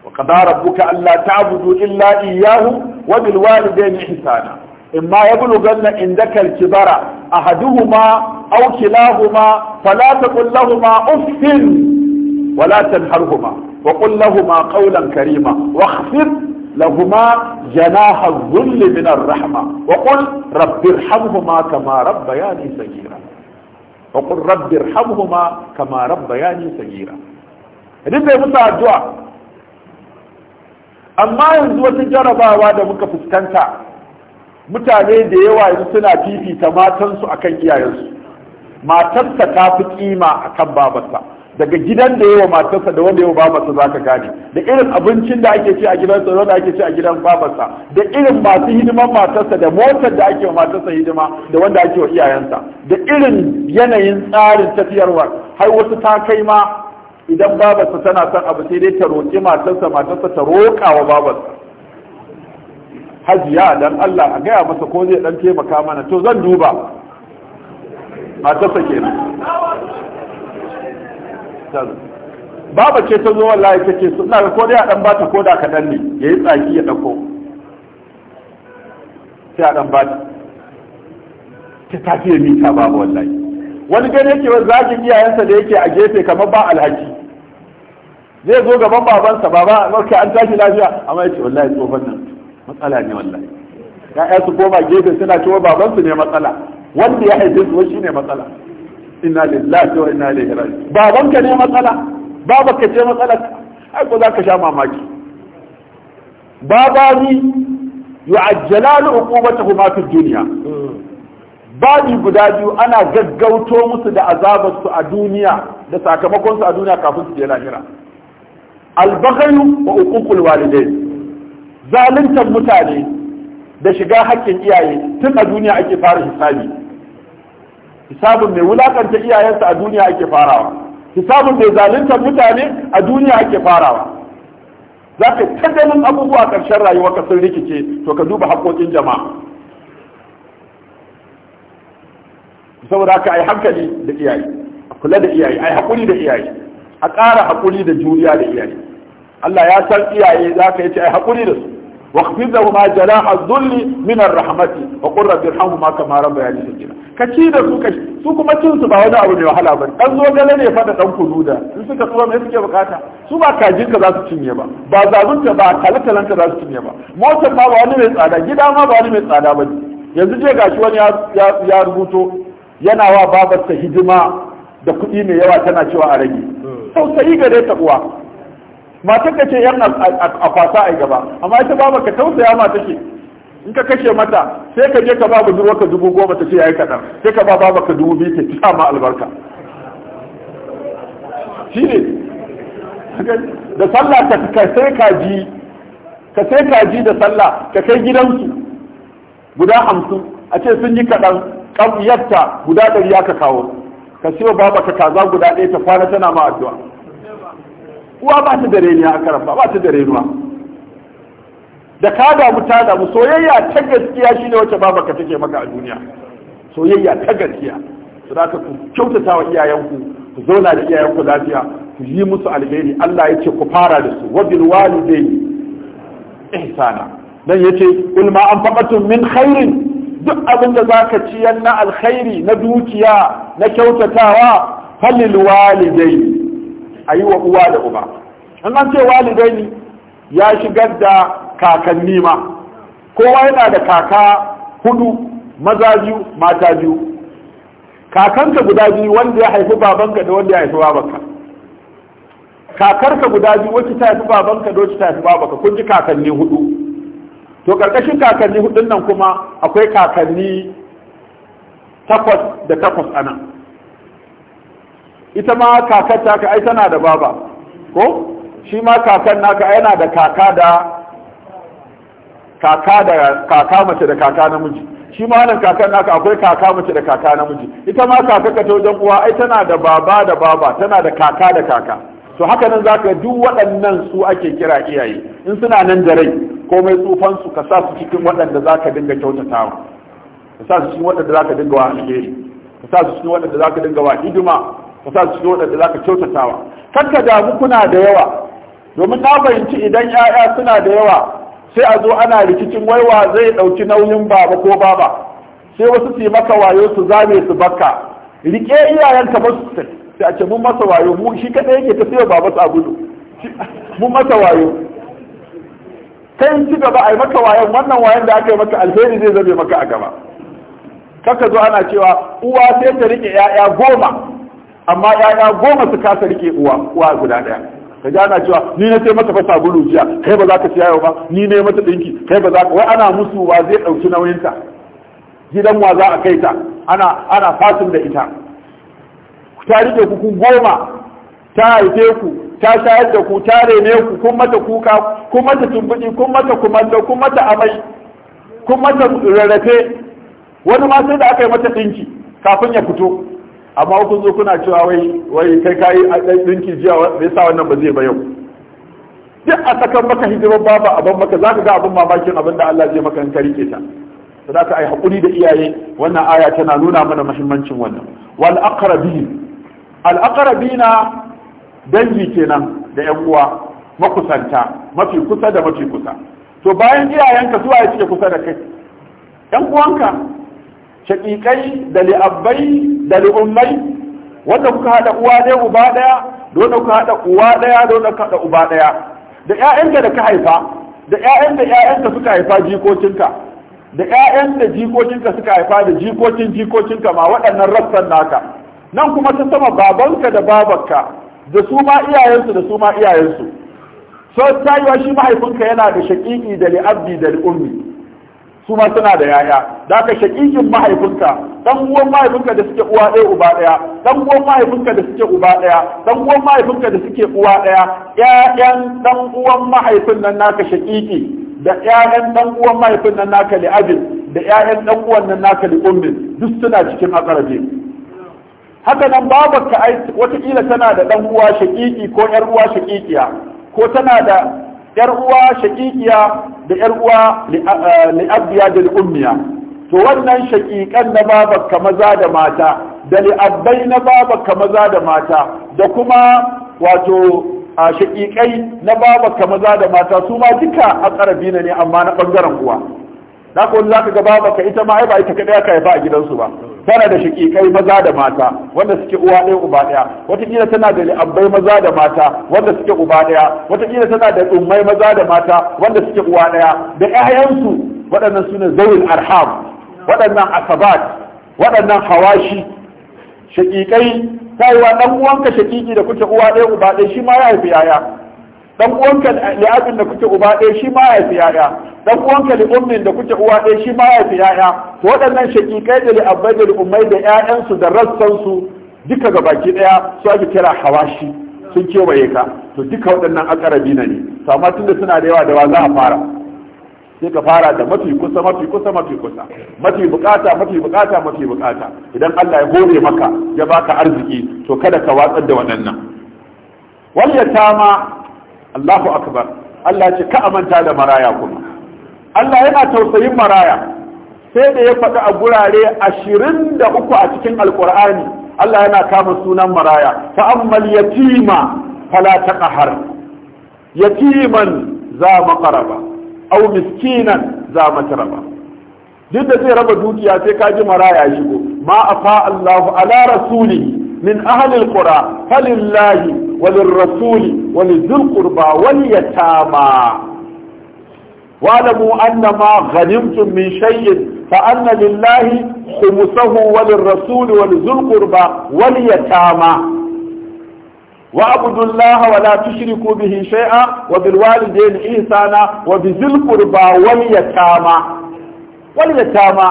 Speaker 2: wa qada rabbuka alla ta'budu illa iyyahu wa bil walidayni ihsana imma yablughanna indaka al-kibara ahaduhuma aw kilahuma fala taqul lahumā uffin wa la وقل لهما قولا كريما واخفض لهما جناح الذل من الرحمة وقل رب ارحمهما كما ربياني صغيرا وقل رب ارحمهما كما ربياني صغيرا idan bai musu addu'a amma yanzu wata jarabawa da muka fuskanta mutane da yawa yanzu suna fifita matansu akan iyayensu matarsa ta fi kima akan babarsa daga gidan da yawa matarsa da wanda yawa babarsa za ka gane da irin abincin da ake ci a gidan sa da ake ci a gidan babarsa da irin masu hidiman matarsa da motar da ake wa matarsa hidima da wanda ake wa iyayensa da irin yanayin tsarin tafiyarwa har wasu ta kai ma idan babarsa tana son abu sai dai ta roƙi matarsa matarsa ta roƙa wa babarsa hajiya dan Allah a gaya masa ko zai dan taimaka mana to zan duba matarsa kenan kano baba ce ta zo wallahi ta su suna ga ko dai a dan bata ko da kaɗan ne yayi tsaki ya dauko sai a dan bata ta tafiye ni ta baba wallahi wani gani yake wani zagin iyayensa da yake a gefe kamar ba alhaji zai zo gaban babansa baba ok an tashi lafiya amma ya ce wallahi tsohon nan matsala ne wallahi ya'ya su koma gefe suna cewa babansu ne matsala wanda ya haife su shi ne matsala inna lillahi wa inna ilaihi raji'un baban ka ne matsala baba ka ce matsala ai ko zaka sha mamaki babani yu'ajjalalu ma fi dunya babi guda biyu ana gaggauto musu da azabarsu a duniya da sakamakonsu a duniya kafin su je lahira albaghayu wa uququl walidain zaluntar mutane da shiga haƙƙin iyaye tun a duniya ake fara hisabi hisabun mai wulakanta iyayensa a duniya ake farawa hisabun mai zalunta mutane a duniya ake farawa za ka ta ganin abubuwa ƙarshen rayuwa ka sun rikice to ka duba haƙoƙin jama'a saboda ka ai hankali da iyaye a kula da iyaye ai haƙuri da iyaye a ƙara haƙuri da juriya da iyaye Allah ya san iyaye za ka yi ce ai haƙuri da su واخفض لهما جناح الذل من الرحمة وقل رب ارحمهما كما ربياني صغيرا kaci da su kashi su kuma cin su ba wani abu ne wahala ba dan zo gale ne fa da dan da in suka tsuwa me suke bukata su ba kajin ka za su cinye ba ba zabunta ba kalatalan ka za su cinye ba motar ma ba wani mai tsada gida ma ba wani mai tsada ba yanzu je gashi wani ya rubuto yana wa babarsa hidima da kuɗi mai yawa tana cewa a rage tausayi gare ta uwa matar ka ce yan a kwasa a gaba amma ita ba ka tausaya ma take in ka kashe mata sai ka je ka ba budurwa ka dubu goma ta ce yi kaɗan sai ka ba baba ka dubu biyu ta sa ma albarka shi ne da sallah ka sai kaji ka sai kaji da sallah ka kai gidansu guda hamsin a ce sun yi kaɗan ƙamiyarta guda ɗari ya ka kawo ka siyo baba ka kaza guda ɗaya ta kwana tana ma addu'a uwa ba ta da ne a karanta ba ta da renuwa da ka damu ta damu soyayya ta gaskiya shi shine wacce babarka take maka a duniya soyayya ta gaskiya su da ku kyautata wa iyayenku ku zauna da iyayenku lafiya ku yi musu alheri Allah ya ce ku fara da su wa bil walidayni ihsana dan yace kul ma anfaqatum min khairin duk abin da zaka ciyar na alkhairi na dukiya na kyautatawa falil walidayni a yi wa uwa da uba in an ce walidaini ya shigar da kakanni ma kowa yana da kaka hudu maza biyu mata biyu kakanka guda biyu wanda ya haifi babanka da wanda ya haifi babanka kakarka guda biyu wacce ta haifi babanka da wacce ta haifi babanka kun ji kakanni hudu to karkashin kakanni hudun nan kuma akwai kakanni takwas da takwas anan ita ma kakar ta ai tana da baba ko shi ma kakan naka yana da kaka da kaka da kaka mace da kaka namiji shi ma nan kakar naka akwai kaka mace da kaka namiji ita ma kaka ka ta wajen uwa ai tana da baba da baba tana da kaka da kaka to haka nan zaka duk waɗannan su ake kira iyaye in suna nan da rai komai tsufan su ka sa su cikin waɗanda zaka dinga kyautatawa ka sa su cikin waɗanda zaka dinga wa alheri ka sa su cikin waɗanda zaka dinga wa hidima ka sa cikin waɗanda za ka kyautatawa kar ka damu kuna da yawa domin na fahimci idan 'ya'ya suna da yawa sai a zo ana rikicin waiwa zai ɗauki nauyin baba ko baba sai wasu su yi maka wayo su zame su bakka rike iyayen ka ba su sai a ce mun masa wayo mu shi kadai yake ta sayo baba su gudu mun masa wayo kai ci gaba a yi maka wayon wannan wayon da aka yi maka alheri zai zame maka a gaba kaka zo ana cewa uwa sai ta rike 'ya'ya goma amma yaya goma su kasa rike uwa uwa guda daya ka ji cewa ni na sai mata fasa bulu jiya kai ba za ka siya yau ba ni ne mata dinki kai ba za ka wai ana musu wa zai dauki nauyinta gidan wa za a kai ta ana ana fasin da ita ta rike ku kun goma ta haife ku ta shayar da ku ta rene ku kun mata kuka kun mata tumbudi kun mata kumallo kun mata amai kun mata rarrafe wani ma sai da aka yi mata dinki kafin ya fito amma kun zo kuna cewa wai wai kai kai a dai dinki jiya me yasa wannan ba zai ba yau duk a sakan maka hijimar babu abin maka zaka ga abin mamakin abin da Allah zai maka in ka rike ta da ka ai hakuri da iyaye wannan aya tana nuna mana muhimmancin wannan wal aqrabin al aqrabina dangi kenan da yan uwa makusanta mafi kusa da mafi kusa to bayan iyayenka zuwa ya cike kusa da kai yan uwanka shaƙiƙai da li'abbai da li'ummai wanda kuka haɗa uwa ɗaya uba ɗaya da kuka haɗa uwa ɗaya da wanda kuka haɗa uba ɗaya da ƴaƴanka da ka haifa da ƴaƴan da ƴaƴanka suka haifa jikokinka da ƴaƴan da jikokinka suka haifa da jikokin jikokinka ma waɗannan rassan naka nan kuma ta sama babanka da babanka da su ma iyayensu da su ma iyayensu so tayiwa shi mahaifinka yana da shaƙiƙi da li'abdi, da li'ummi su ma suna da yaya da ka shakikin mahaifinka dan uwan mahaifinka da suke uwa ɗaya uba ɗaya dan uwan mahaifinka da suke uba ɗaya dan uwan mahaifinka da suke uwa ɗaya ƴaƴan dan uwan mahaifin nan naka shakiki da ƴaƴan dan uwan mahaifin nan naka li abin da ƴaƴan dan uwan nan naka li ummin duk suna cikin akarabe haka nan babarka ai kila tana da dan uwa shakiki ko ƴar uwa shakikiya ko tana da yar uwa shaqiqiya da yar uwa li'abiya da li'ummiya to wannan shaqiqan na babakka maza da mata da li'abbai na babakka maza da mata da kuma wato a shaqiqai na babakka maza da mata su ma duka aqrabina ne amma na bangaren uwa da ko zaka ga babaka ita ma ai ba ita kadai aka yi ba a gidansu ba tana da shiƙiƙai maza da mata wanda suke uwa ɗaya uba ɗaya watakila tana da li'abbai maza da mata wanda suke uba ɗaya watakila tana da ummai maza da mata wanda suke uwa ɗaya da ƴaƴansu waɗannan ne zawil arham waɗannan asabat waɗannan hawashi shiƙiƙai ta yi wa ɗan uwanka shiƙiƙi da kuke uwa ɗaya uba ɗaya shi ma ya haifi yaya dan uwanka li'abin da kuke uba ɗaya shi ma ya fi dan uwanka da kuke uwa ɗaya shi ma ya fi yaya to waɗannan shakikai da li'abbai da ummai da ƴaƴansu da rassansu duka ga baki ɗaya su ake kira hawashi sun kewaye ka to duka waɗannan akarabi na ne to amma tunda suna da yawa da wa za a fara sai ka fara da mafi kusa mafi kusa mafi kusa mafi bukata mafi bukata mafi bukata idan Allah ya hore maka ya baka arziki to kada ka watsar da waɗannan wal yatama Allahu akbar Allah ce ka amanta da maraya kuma Allah yana tausayin maraya sai da ya faɗi a gurare ashirin da uku a cikin alkur'ani Allah yana kama sunan maraya ta'ammal yatima fala ƙahar. yatiman za maqaraba au miskinan za matraba duk da zai raba dukiya sai ka ji maraya shigo ma afa Allahu ala rasuli min ahli alqura falillahi walirrasuli ولذي القربى واليتامى واعلموا أن ما غنمتم من شيء فأن لله خمسه وللرسول ولذي القربى واليتامى واعبدوا الله ولا تشركوا به شيئا وبالوالدين إحسانا وبذي القربى واليتامى واليتامى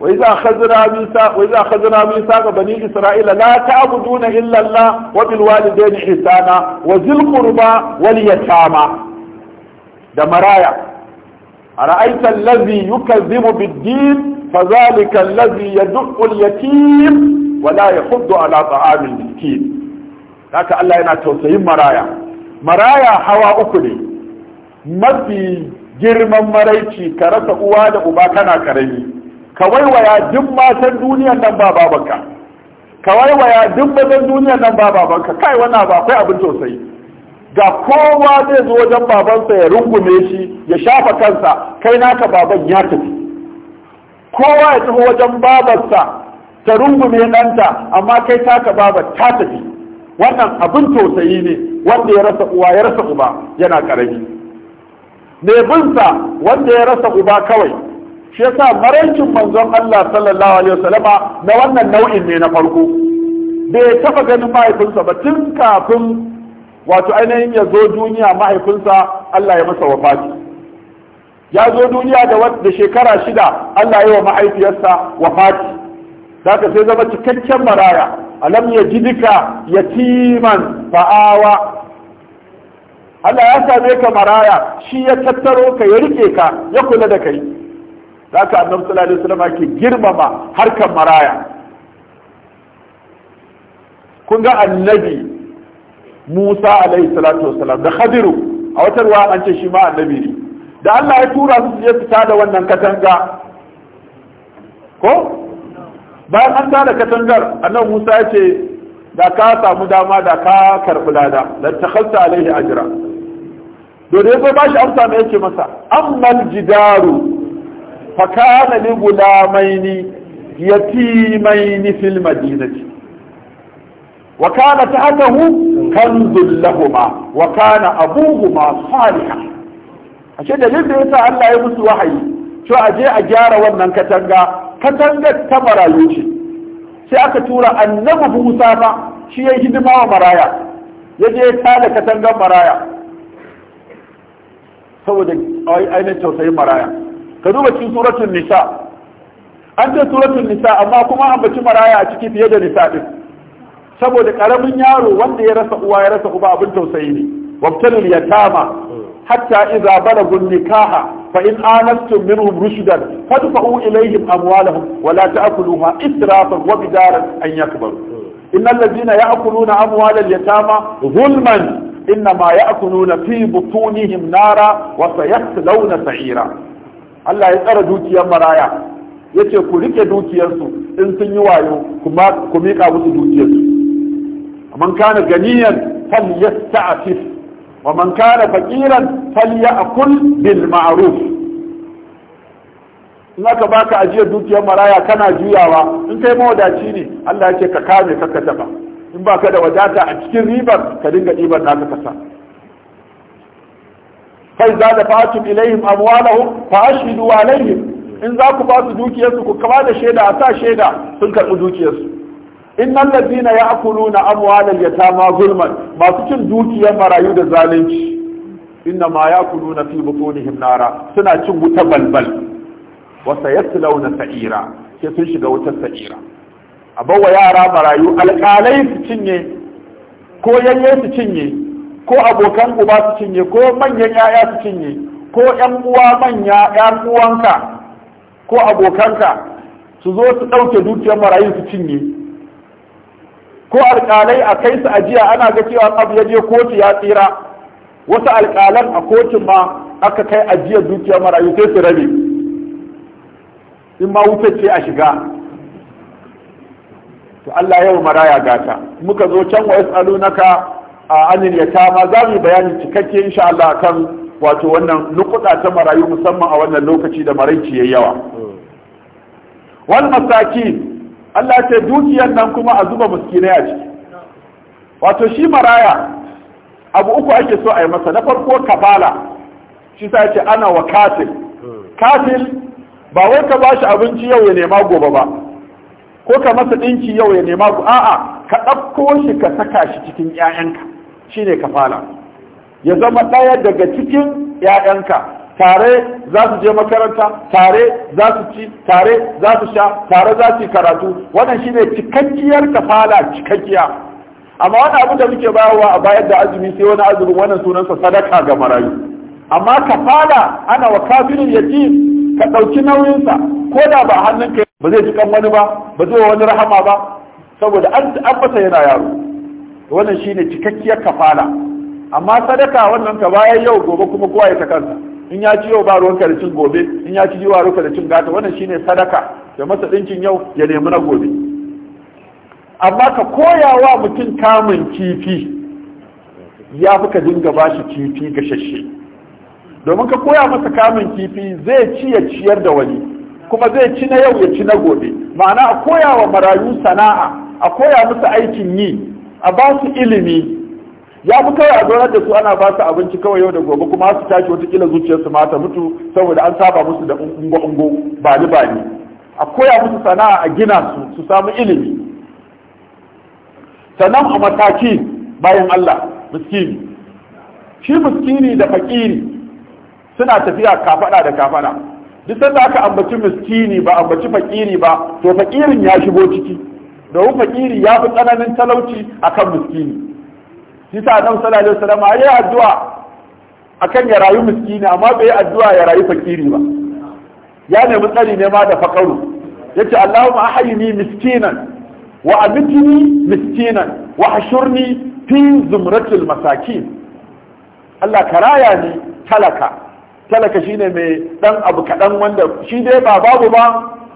Speaker 2: وإذا أخذنا ميثاق وإذا أخذنا بني إسرائيل لا تعبدون إلا الله وبالوالدين إحسانا وذي القربى واليتامى ده مرايا أرأيت الذي يكذب بالدين فذلك الذي يدق اليتيم ولا يحض على طعام المسكين لك الله ينا توسعين مرايا مرايا حوا أكلي ما في جرم ka كرس أواد أباكنا كريمي ka waiwaya duk matan duniyan nan ba babanka ka waiwaya duk mazan duniyan nan ba babanka kai wannan ba akwai abin tausayi ga kowa zai zo wajen babansa ya rungume shi ya shafa kansa kai naka baban ya tafi kowa ya tafi wajen babarsa ta rungume nanta, amma kai taka baba ta tafi wannan abin tausayi ne wanda ya rasa uwa ya rasa uba yana karami mai binsa wanda ya rasa uba kawai shi yasa marancin manzon Allah sallallahu alaihi wasallama na wannan nau'in ne na farko bai taba ganin mahaifinsa ba tun kafin wato ainihin ya zo duniya mahaifinsa Allah ya masa wafati ya zo duniya da da shekara shida Allah ya wa mahaifiyarsa wafati zaka sai zama cikakken maraya alam ya ji jidika yatiman fa'awa Allah ya same ka maraya shi ya tattaro ka ya rike ka ya kula da kai zaka annabi sallallahu alaihi wasallam ke girmama harkar maraya kun ga annabi Musa alaihi salatu wasallam da Khadiru a wata ruwa an ce shi ma annabi ne da Allah ya tura su su je fita da wannan katanga ko bayan an tada katangar annabi Musa ya ce da ka samu dama da ka karbi lada da takhalta alaihi ajra dole da ba bashi amsa mai yake masa ammal jidaru fakana li gulamaini yatimaini fil madinati wa kana tahtahu kanzul lahumma wa kana abuhuma salihan ashe dalilin da yasa Allah ya musu wahayi to je a gyara wannan katanga katanga ta marayu ce sai aka tura annabi Musa ma shi ya hidima wa maraya ya je ya tada katangar maraya saboda ainihin tausayin maraya ka duba cikin suratul nisa an ce suratul nisa amma kuma an baci maraya a ciki fiye da nisa din saboda karamin yaro wanda ya rasa uwa ya rasa uba abin tausayi ne wabtalul yatama hatta idza balagu nikaha fa in anastum minhum rushdan fadfa'u ilayhim amwalahum wa la ta'kuluha israfan wa bidaran an yakbaru innal ladina ya'kuluna amwalal yatama zulman إنما يأكلون في بطونهم نارا وسيصلون سعيرا Allah ya tsara dukiyar maraya ya ce ku rike dukiyarsu in sun yi wayo ku mika musu dukiyarsu man kana ganiyan falyasta'fif wa man kana faqiran falyakul bil ma'ruf in aka baka ajiyar dukiyar maraya kana juyawa in kai mawadaci ne Allah yake ka kame ka ka in baka da wadata a cikin ribar ka dinga ɗibar naka kasa fa zada dafa'tum ilaihim amwalahum fa ashhidu in zaku basu dukiyarsu ku kama da shaida a sa shaida sun karɓi dukiyarsu In innal ladina ya'kuluna amwalal yatama zulman masu cin dukiyar marayu da zalunci inna ma ya'kuluna fi butunihim nara suna cin wuta balbal wa sayaslawna sa'ira sai sun shiga wutar sa'ira abawa yara marayu alƙalai su cinye ko yayye su cinye ko abokan uba su cinye ko manyan yaya su cinye ko yan uwa manya yan uwanka ko abokanka su zo su ɗauke dukiyar marayu su cinye ko alƙalai a kai su ajiya ana ga cewa abu ya je kotu ya tsira wasu alƙalan a kotun ma aka kai ajiyar dukiyar marayu sai su rabe in ma wuce ce a shiga to Allah yau maraya gata muka zo can wa yas'alunaka a anil yatama za mu bayani cikakke insha Allah kan wato wannan nukuda ta marayu musamman a wannan lokaci da maraici yayi yawa wal masakin Allah ta dukiyan nan kuma a zuba miskinai a ciki wato shi maraya abu uku ake so a yi masa na farko kafala. shi ta ce ana wa katil katil ba wai ka bashi abinci yau ya nema gobe ba ko ka masa ɗinci yau ya nema a'a ka ɗauko shi ka saka shi cikin 'ya'yanka shine kafala ya zama ɗaya daga cikin ‘ya'yanka tare za su je makaranta tare za su ci tare za su sha tare za su yi karatu wannan shine cikakkiyar kafala cikakkiya amma wani abu da muke bayarwa a bayar da azumi sai wani azumin wannan sunansa sadaka ga marayu amma kafala ana wa kafirin ci ka ɗauki nauyinsa ko da ba hannunka ba zai ci kan wani ba ba zai wani rahama ba saboda an masa yana yaro wannan shine cikakkiyar kafala amma sadaka wannan ka bayan yau gobe kuma kowa ya ta kansa in ya ci yau ba ruwanka da cin gobe in ya ci wa ruwanka da cin gata wannan shine sadaka ya masa ɗinkin yau ya nemi na gobe amma ka koya wa mutum kamun kifi ya fi ka dinga ba shi kifi gashashe domin ka koya masa kamun kifi zai ci ya ciyar da wani kuma zai ci na yau ya ci na gobe ma'ana a koya wa marayu sana'a a koya musu aikin yi a ba su ilimi ya fi kawai a zaunar da su ana ba su abinci kawai yau da gobe kuma su tashi watakila zuciyarsu ma ta mutu saboda an saba musu da ungo-ungo ba ni ba ni a koya musu sana'a a gina su su samu ilimi sannan a mataki bayan Allah miskini shi miskini da fakiri suna tafiya kafada da kafada duk sanda aka ambaci miskini ba ambaci fakiri ba to fakirin ya shigo ciki Da hu fakiri ya fi tsananin talauci akan miskini shi sa annabi sallallahu alaihi wasallam yi addu'a akan ya rayu miskini amma bai yi addu'a ya rayu fakiri ba ya nemi tsari ne ma da fakaru yace Allahumma ahyini miskinan wa amitni miskinan wa hashurni fi zumratil masakin Allah ka raya ni talaka talaka shine mai ɗan abu kaɗan wanda shi dai ba babu ba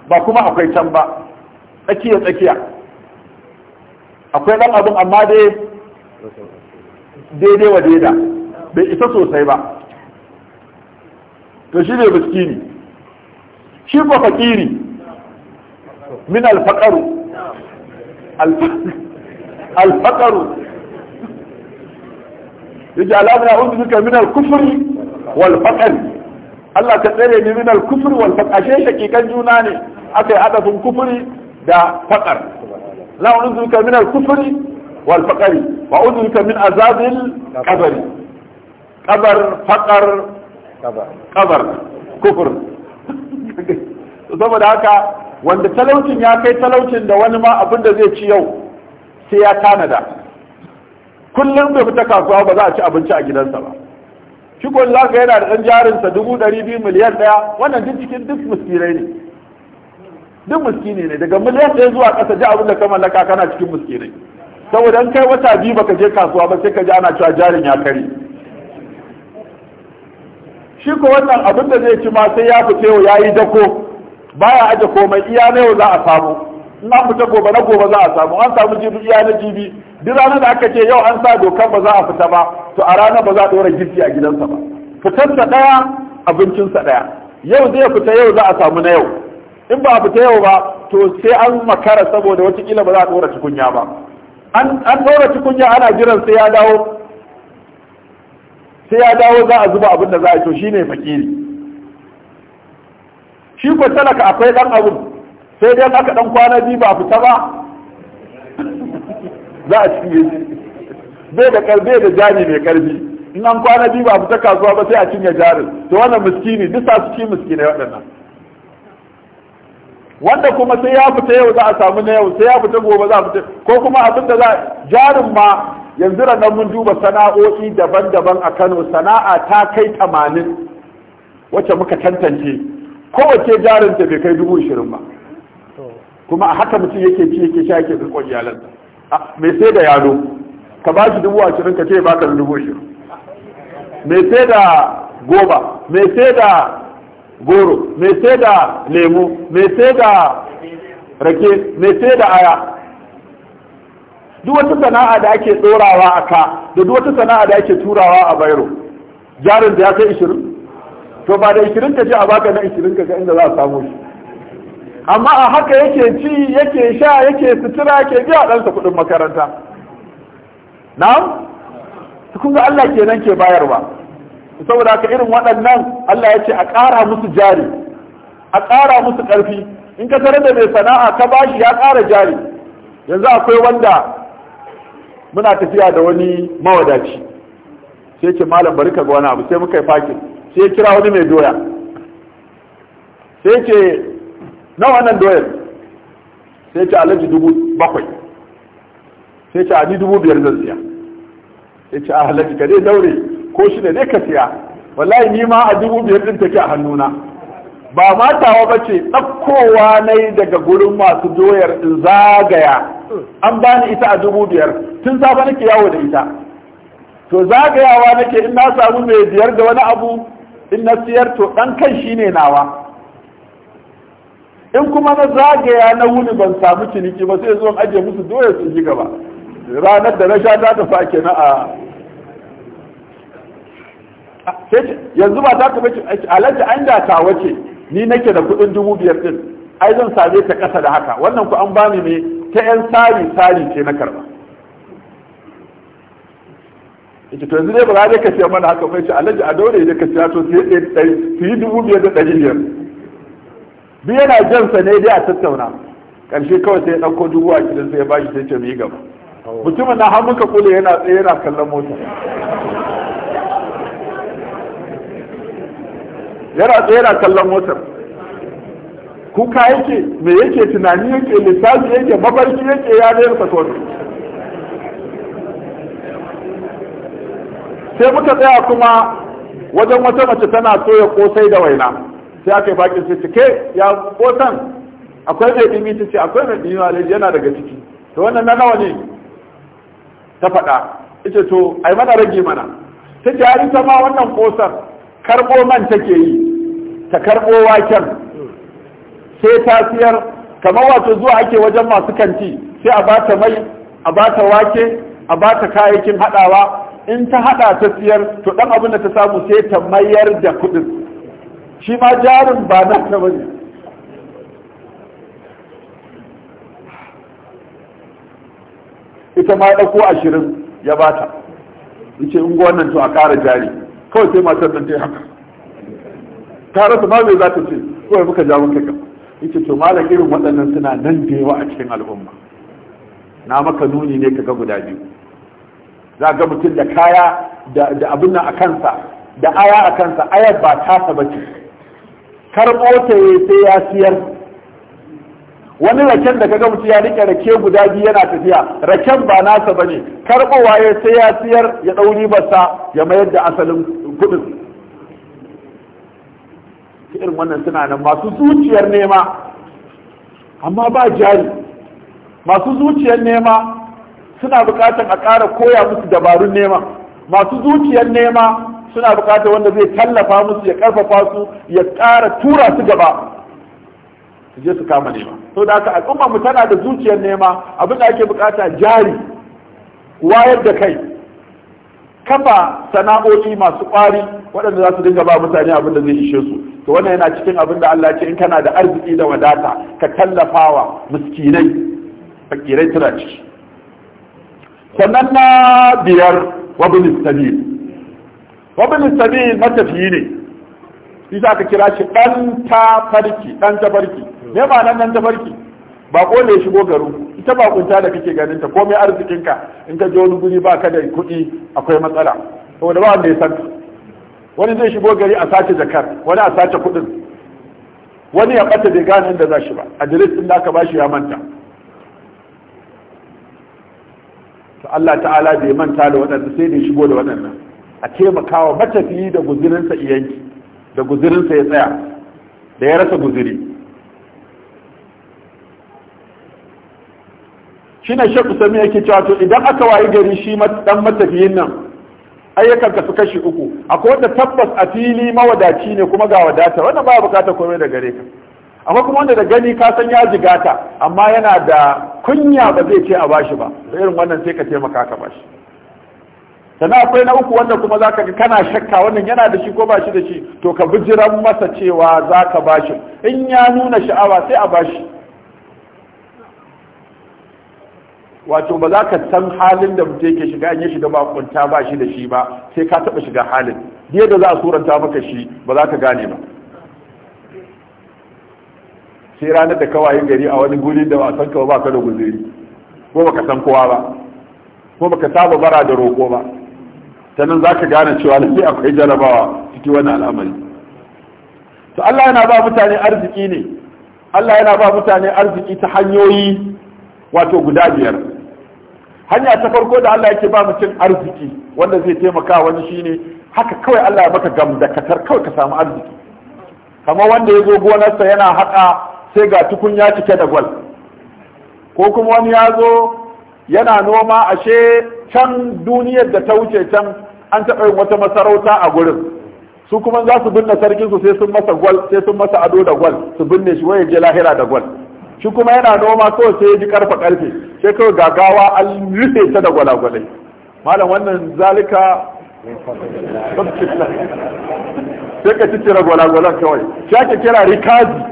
Speaker 2: ba kuma akwai can ba tsakiya tsakiya akwai ɗan abin amma dai daidai wa daida bai isa sosai ba to shi ne miskini shi ko fakiri min alfaqaru alfaqaru yaji alamuna undu suka min alkufri wal faqr Allah ka tsere ni min alkufri wal faqr ashe shakikan juna ne aka akai hadafin kufuri da faqar la unzuka min al-kufri wal faqri min azabin ƙabari. Ƙabar faƙar ƙabar kufur saboda haka wanda talaucin ya kai talaucin da wani ma abin da zai ci yau sai ya tanada kullum bai fita kasuwa ba za a ci abinci a gidansa ba shi ko za ka yana da ɗan jarinsa dubu ɗari biyu miliyan ɗaya wannan duk cikin duk miskirai ne duk miskini ne daga miliyan ɗaya zuwa ƙasa ji abin da ka mallaka kana cikin miskinai saboda in kai wata biyu baka je kasuwa ba sai ka ji ana cewa jarin ya kare shi ko wannan abin da zai ci ma sai ya fita yau ya yi dako baya aje komai iya na yau za a samu in an fita gobe na gobe za a samu an samu jibi iya na jibi duk ranar da aka ce yau an sa dokar ba za a fita ba to a ranar ba za a ɗora girki a gidansa ba fitar sa ɗaya abincinsa ɗaya yau zai fita yau za a samu na yau in ba ta yau ba to sai an makara saboda watakila ba za a dora tukunya ba an dora tukunya ana jiran sai ya dawo sai ya dawo za a zuba abin da za a yi to shine fakiri shi ko talaka akwai ɗan abin sai dai aka ɗan kwana biyu ba fita ba za a cinye shi bai da karbe da jani mai karbi in an kwana biyu ba a fita kasuwa ba sai a cinye jarin to wannan miskini duk sa su ci miskinai waɗannan wanda kuma sai ya fita yau za a samu na yau sai ya fita gobe za a fita ko kuma abin da za jarin ma yanzu nan mun duba sana'o'i daban-daban a Kano sana'a ta kai tamanin wacce muka tantance kowace jarin ta bai kai dubu ishirin ba kuma a haka mutum yake ci yake sha yake rikon iyalansa mai sai da yalo ka ba shi dubu ashirin ka ce ba ka dubu ashirin mai sai da goba mai sai da goro mai sai da lemu mai sai da rake mai sai da aya duk wata sana'a da ake tsorawa a ka da duk wata sana'a da ake turawa a bairo jarin da ya kai ishirin to ba da ishirin ka ce a baka na ishirin ka ga inda za a samu shi amma a haka yake ci yake sha yake sutura yake biya ɗansa kuɗin makaranta na'am kun ga Allah kenan ke bayarwa saboda haka irin waɗannan Allah ya ce a ƙara musu jari a ƙara musu ƙarfi in ka tare da mai sana'a ka bashi ya ƙara jari yanzu akwai wanda muna tafiya da wani mawadaci sai ce malam bari ka ga wani abu sai muka yi fakin sai kira wani mai doya sai ce nawa nan doyar sai ce alaji dubu bakwai sai ce a ni dubu biyar zan siya sai ce a halaji ka dai daure ko shida ne ka siya wallahi ni ma a dubu biyar din take a hannuna ba matawa ba ce ɗaukowa na yi daga gurin masu doyar in zagaya an bani ita a dubu biyar tun safa nake yawo da ita to zagayawa nake in na samu mai biyar da wani abu in na siyar to ɗan kan shi ne nawa in kuma na zagaya na wuni ban samu ciniki ba sai zo ajiye musu doyar su yi gaba ranar da na sha ta tafa kenan a yanzu ba ta mace alhaji an da ta wace ni nake da kudin dubu biyar din ai zan same ta kasa da haka wannan ku an bani ne ta yan sari sari ce na karba ita to yanzu ne ba za ka siya mana haka mai ce alhaji a daure da ka siya to su yi dubu biyar da ɗari biyar bi yana jan sa ne dai a tattauna karshe kawai sai ya ɗauko dubu a gidan sai ya bashi sai ce mu yi gaba oh. mutumin na har muka kule yana tsaye yana kallon mota
Speaker 1: yana tsaye na kallon
Speaker 2: motar kuka yake me yake tunani yake lissafi yake mafarki yake ya zai rasa
Speaker 1: sai muka tsaya
Speaker 2: kuma wajen wata mace tana soya kosai da waina sai aka yi bakin sai cike ya kosan akwai mai dimi ta ce akwai mai dimi wale yana daga ciki to wannan na nawa ne ta faɗa ita to ai mana rage mana ta ce ta ma wannan kosar karbo man take yi ta karbo waken sai ta siyar kamar wato zuwa ake wajen masu kanti sai a bata mai a bata wake a bata kayayyakin hadawa in ta hada ta siyar to dan abin da ta samu sai ta mayar da kudin shi ma jarin ba na ta bane ita ma ya dauko ashirin ya bata in ce in wannan to a kara jari kawai sai matar nan ta haka ta rasa ma mai za ta ce kawai muka ja muka ka. yace to malam irin waɗannan suna nan da yawa a cikin al'umma na maka nuni ne ka ga guda biyu za ga mutum da kaya da abin nan a kansa da aya a kansa ayar ba tasa ce karɓo ta sai ya siyar wani raken da kaga mutum ya rike rake guda biyu yana tafiya raken ba nasa bane karbowa ya sai ya siyar ya dau ribarsa ya mayar da asalin kudin irin wannan suna masu zuciyar nema amma ba jari masu zuciyar nema suna bukatar a ƙara koya musu dabarun nema masu zuciyar nema suna bukatar wanda zai tallafa musu ya karfafa su ya ƙara tura su gaba su je su kama nema to da haka al'umma mu tana da zuciyar nema abin da ake bukata jari wayar da kai kafa sana'o'i masu ƙwari waɗanda za su dinga ba mutane abin da zai ishe su to wannan yana cikin abin da Allah ce in kana da arziki da wadata ka tallafawa miskinai fakirai tana ciki sannan na biyar wabin sabil wabin sabil matafiyi ne shi ka kira shi ɗan tafarki ɗan tafarki me ba nan nan tafarki ba ko ne shigo garu ita ba kunta da kake ganin ta komai arzikinka in ka je wani guri ba ka da kuɗi akwai matsala saboda ba wanda ya san wani zai shigo gari a sace jakar wani a sace kuɗin wani ya ɓata bai gane inda za shi ba adiris ɗin da aka bashi ya manta to Allah ta'ala bai manta da waɗanda sai da shigo da waɗannan a taimakawa matafiyi da guzurinsa iyanki da guzurinsa ya tsaya da ya rasa guziri shi ne shekku sami yake cewa to idan aka wayi gari shi dan matafiyin nan ayyukan kasu kashi uku akwai wanda tabbas a fili mawadaci ne kuma ga wadata wanda ba bukatar komai da gare ka akwai kuma wanda da gani ka san ya jigata amma yana da kunya ba zai ce a bashi ba da irin wannan sai ka taimaka ka bashi sannan akwai na uku wanda kuma zaka ga kana shakka wannan yana da shi ko ba shi da shi to ka bijiran masa cewa zaka bashi in ya nuna sha'awa sai a bashi wato ba za ka san halin da mutum yake shiga in ya shiga ba kunta ba shi da shi ba sai ka taba shiga halin biyar da za a suranta maka shi ba za ka gane ba sai ranar da kawaye gari a wani guri da ba san ka ba ka da guzuri ko ba ka san kowa ba ko ba ka saba bara da roƙo ba ta nan za ka gane cewa sai akwai jarabawa cikin wani al'amari to Allah yana ba mutane arziki ne Allah yana ba mutane arziki ta hanyoyi wato guda biyar hanya ta farko da Allah yake ba mutum arziki wanda zai taimaka wani shine haka kawai Allah ya maka gamdakatar kawai ka samu arziki kamar wanda ya zo gonarsa yana haka sai ga tukunya cike da gwal ko kuma wani ya zo yana noma ashe can duniyar da ta wuce can an taɓa yin wata masarauta a gurin su kuma za su binne sarkinsu sai sun masa gwal sai sun masa ado da gwal su binne shi waye je lahira da gwal shi kuma yana noma so sai ya ji karfa karfe sai kawai gagawa an rufe ta da gwalagwalai malam wannan zalika sai ka cicira gwalagwalan kawai shi ake kira rikazi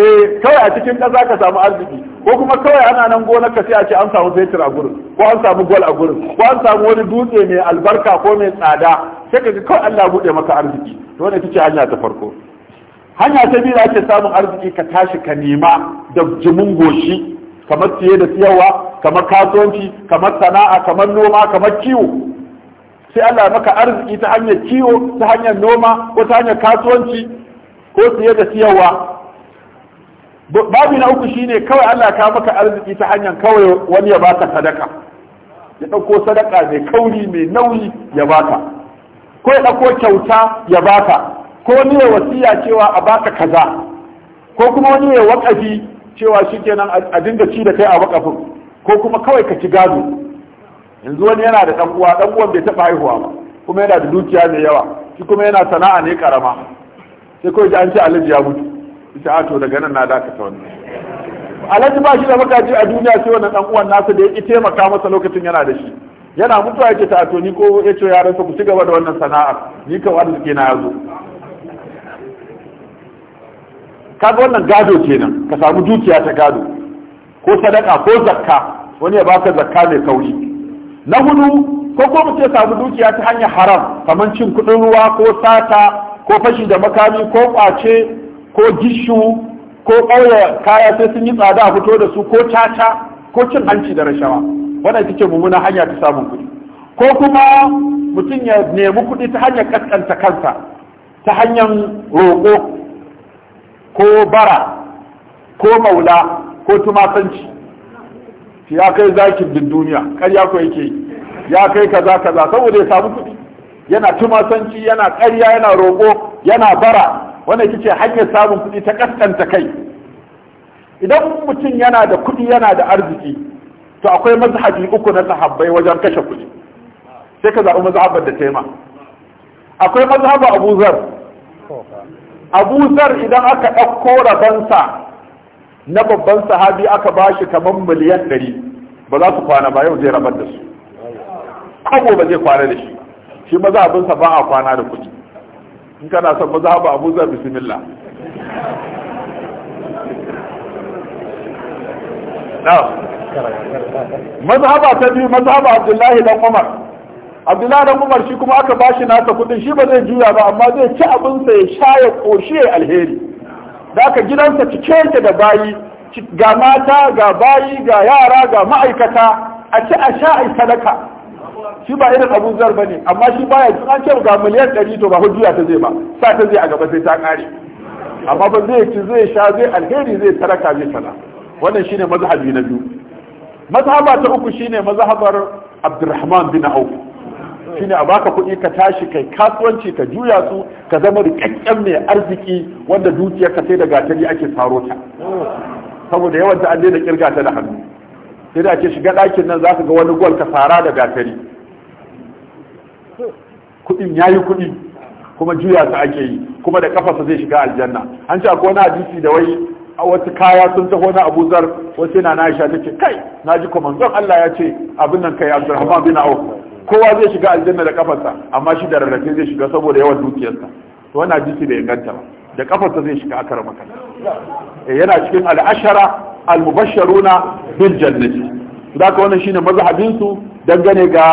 Speaker 2: eh kawai a cikin ƙasa ka samu arziki ko kuma kawai ana nan gonar ka sai a ce an samu fetur a gurin ko an samu gwal a gurin ko an samu wani dutse mai albarka ko mai tsada sai ka ga kawai Allah bude maka arziki to ne ita ce hanya ta farko hanya ta biyu da ake samun arziki ka tashi ka nema da jimin goshi kamar siye da siyarwa kamar kasuwanci kamar sana'a kamar noma kamar kiwo sai Allah maka arziki ta hanyar kiwo ta hanyar noma ko ta hanyar kasuwanci ko siye da siyarwa babu na uku shine kawai Allah ka maka arziki ta hanyar kawai wani ya baka sadaka ya ɗauko sadaka mai kauri mai nauyi ya baka ko ya ɗauko kyauta ya baka ko wani ya wasiya cewa a baka kaza ko kuma wani ya wakafi cewa shi kenan a dinga ci da kai a wakafin ko kuma kawai ka ci gado yanzu wani yana da ɗan uwa ɗan uwan bai taɓa haihuwa ba kuma yana da dukiya mai yawa shi kuma yana sana'a ne karama sai kawai ji an ce alhaji ya mutu ita a to daga nan na dakata wannan alhaji ba shi da makaji a duniya sai wannan ɗan uwan nasa da ya taimaka masa lokacin yana da shi yana mutuwa yake ta to ni ko ya ce rasa ku ci gaba da wannan sana'a ni kawai arziki na yazo kaga wannan gado kenan ka samu dukiya ta gado ko sadaka ko zakka wani ya baka zakka mai kauri na hudu ko ko mu ce samu dukiya ta hanyar haram kamar cin kuɗin ruwa ko sata ko fashi da makami ko kwace ko gishu ko ƙauye kaya sai sun yi tsada a fito da su ko caca ko cin hanci da rashawa wannan ita ce mummuna hanya ta samun kuɗi ko kuma mutum ya nemi kuɗi ta hanyar kaskanta kansa ta hanyar roƙo ko bara ko maula ko tumasanci ya kai zakin din duniya ƙarya ko yake ya kai kaza kaza saboda ya samu kuɗi yana tumasanci yana ƙarya yana roƙo yana bara wanda kike hanyar samun kuɗi ta kaskanta kai idan mutum yana da kuɗi yana da arziki to akwai mazhabi uku na sahabbai wajen kashe kuɗi sai ka zaɓi mazhabar da tema akwai mazhabar Abu Zar abu zar idan aka ɗauko rabansa na babban sahabi aka ba shi kamar miliyan ɗari ba za su kwana ba yau zai rabar da su kwabo ba zai kwana da shi shi maza abinsa ba a kwana da kuɗi in kana son maza ba abu zar bismillah mazhaba ta biyu mazhaba abdullahi dan umar abdullahi dan umar shi kuma aka bashi nasa kudin shi ba zai juya ba amma zai ci sa ya sha ya koshi ya alheri da aka gidansa cike yake da bayi ga mata ga bayi ga yara ga ma'aikata a ci a sha a sadaka shi ba irin abu zar ba ne amma shi baya tun an ce ga miliyan ɗari to ba juya ta zai ba sa ta zai a gaba sai ta ƙare amma ba zai ci zai sha zai alheri zai sadaka zai sana wannan shine mazhabi na biyu mazhaba ta uku shine mazhabar Abdurrahman bin Auf shine a baka kuɗi ka tashi kai kasuwanci ka juya su ka zama rikakken mai arziki wanda dukiyar ka sai da gatari ake saro ta saboda yawan ta an daina kirga ta da hannu sai da ake shiga ɗakin nan za ka ga wani gwal ka fara da gatari kuɗin yi kuɗi kuma juya su ake yi kuma da su zai shiga aljanna an ce akwai wani hadisi da wai a wasu kaya sun taho na Abu Zar yana na Aisha ta ce kai ji kuma zan Allah ya ce abin nan kai abdulrahman bin Auf kowa zai shiga aljanna da kafarsa amma shi da rarrafe zai shiga saboda yawan dukiyarsa to wannan hadisi da inganta ba da kafarsa zai shiga akara makalla
Speaker 1: eh, yana cikin al'ashara al-mubashsharuna bil jannati
Speaker 2: zaka wannan shine mazhabin su dangane ga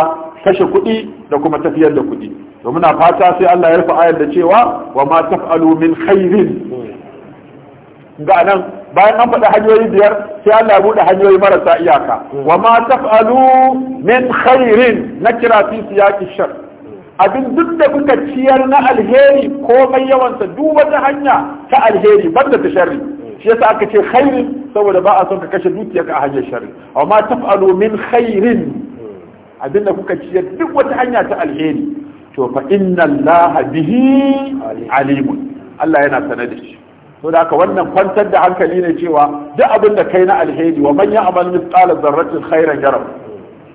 Speaker 2: kashe kuɗi da kuma tafiyar da kuɗi to muna fata sai Allah ya rufe ayar da cewa wa ma taf'alu min khairin ga nan bayan an faɗi hanyoyi biyar sai Allah buɗe hanyoyi marasa iyaka mm. wa ma taf'alu min khairin na kira fi siyaqi shar abin duk da kuka ciyar na alheri komai yawansa duk wata hanya ta alheri banda ta sharri mm. shi yasa aka ce khairin saboda ba a son ka kashe dukiyarka a hanyar sharri wa ma taf'alu min khairin mm. abin da kuka ciyar duk wata hanya ta alheri to fa inna allaha bihi alimun Allah yana sanadi. da shi to da haka wannan kwantar da hankali ne cewa duk abin da kai na alheri wa man ya'mal mithqala dharratin khairan yarah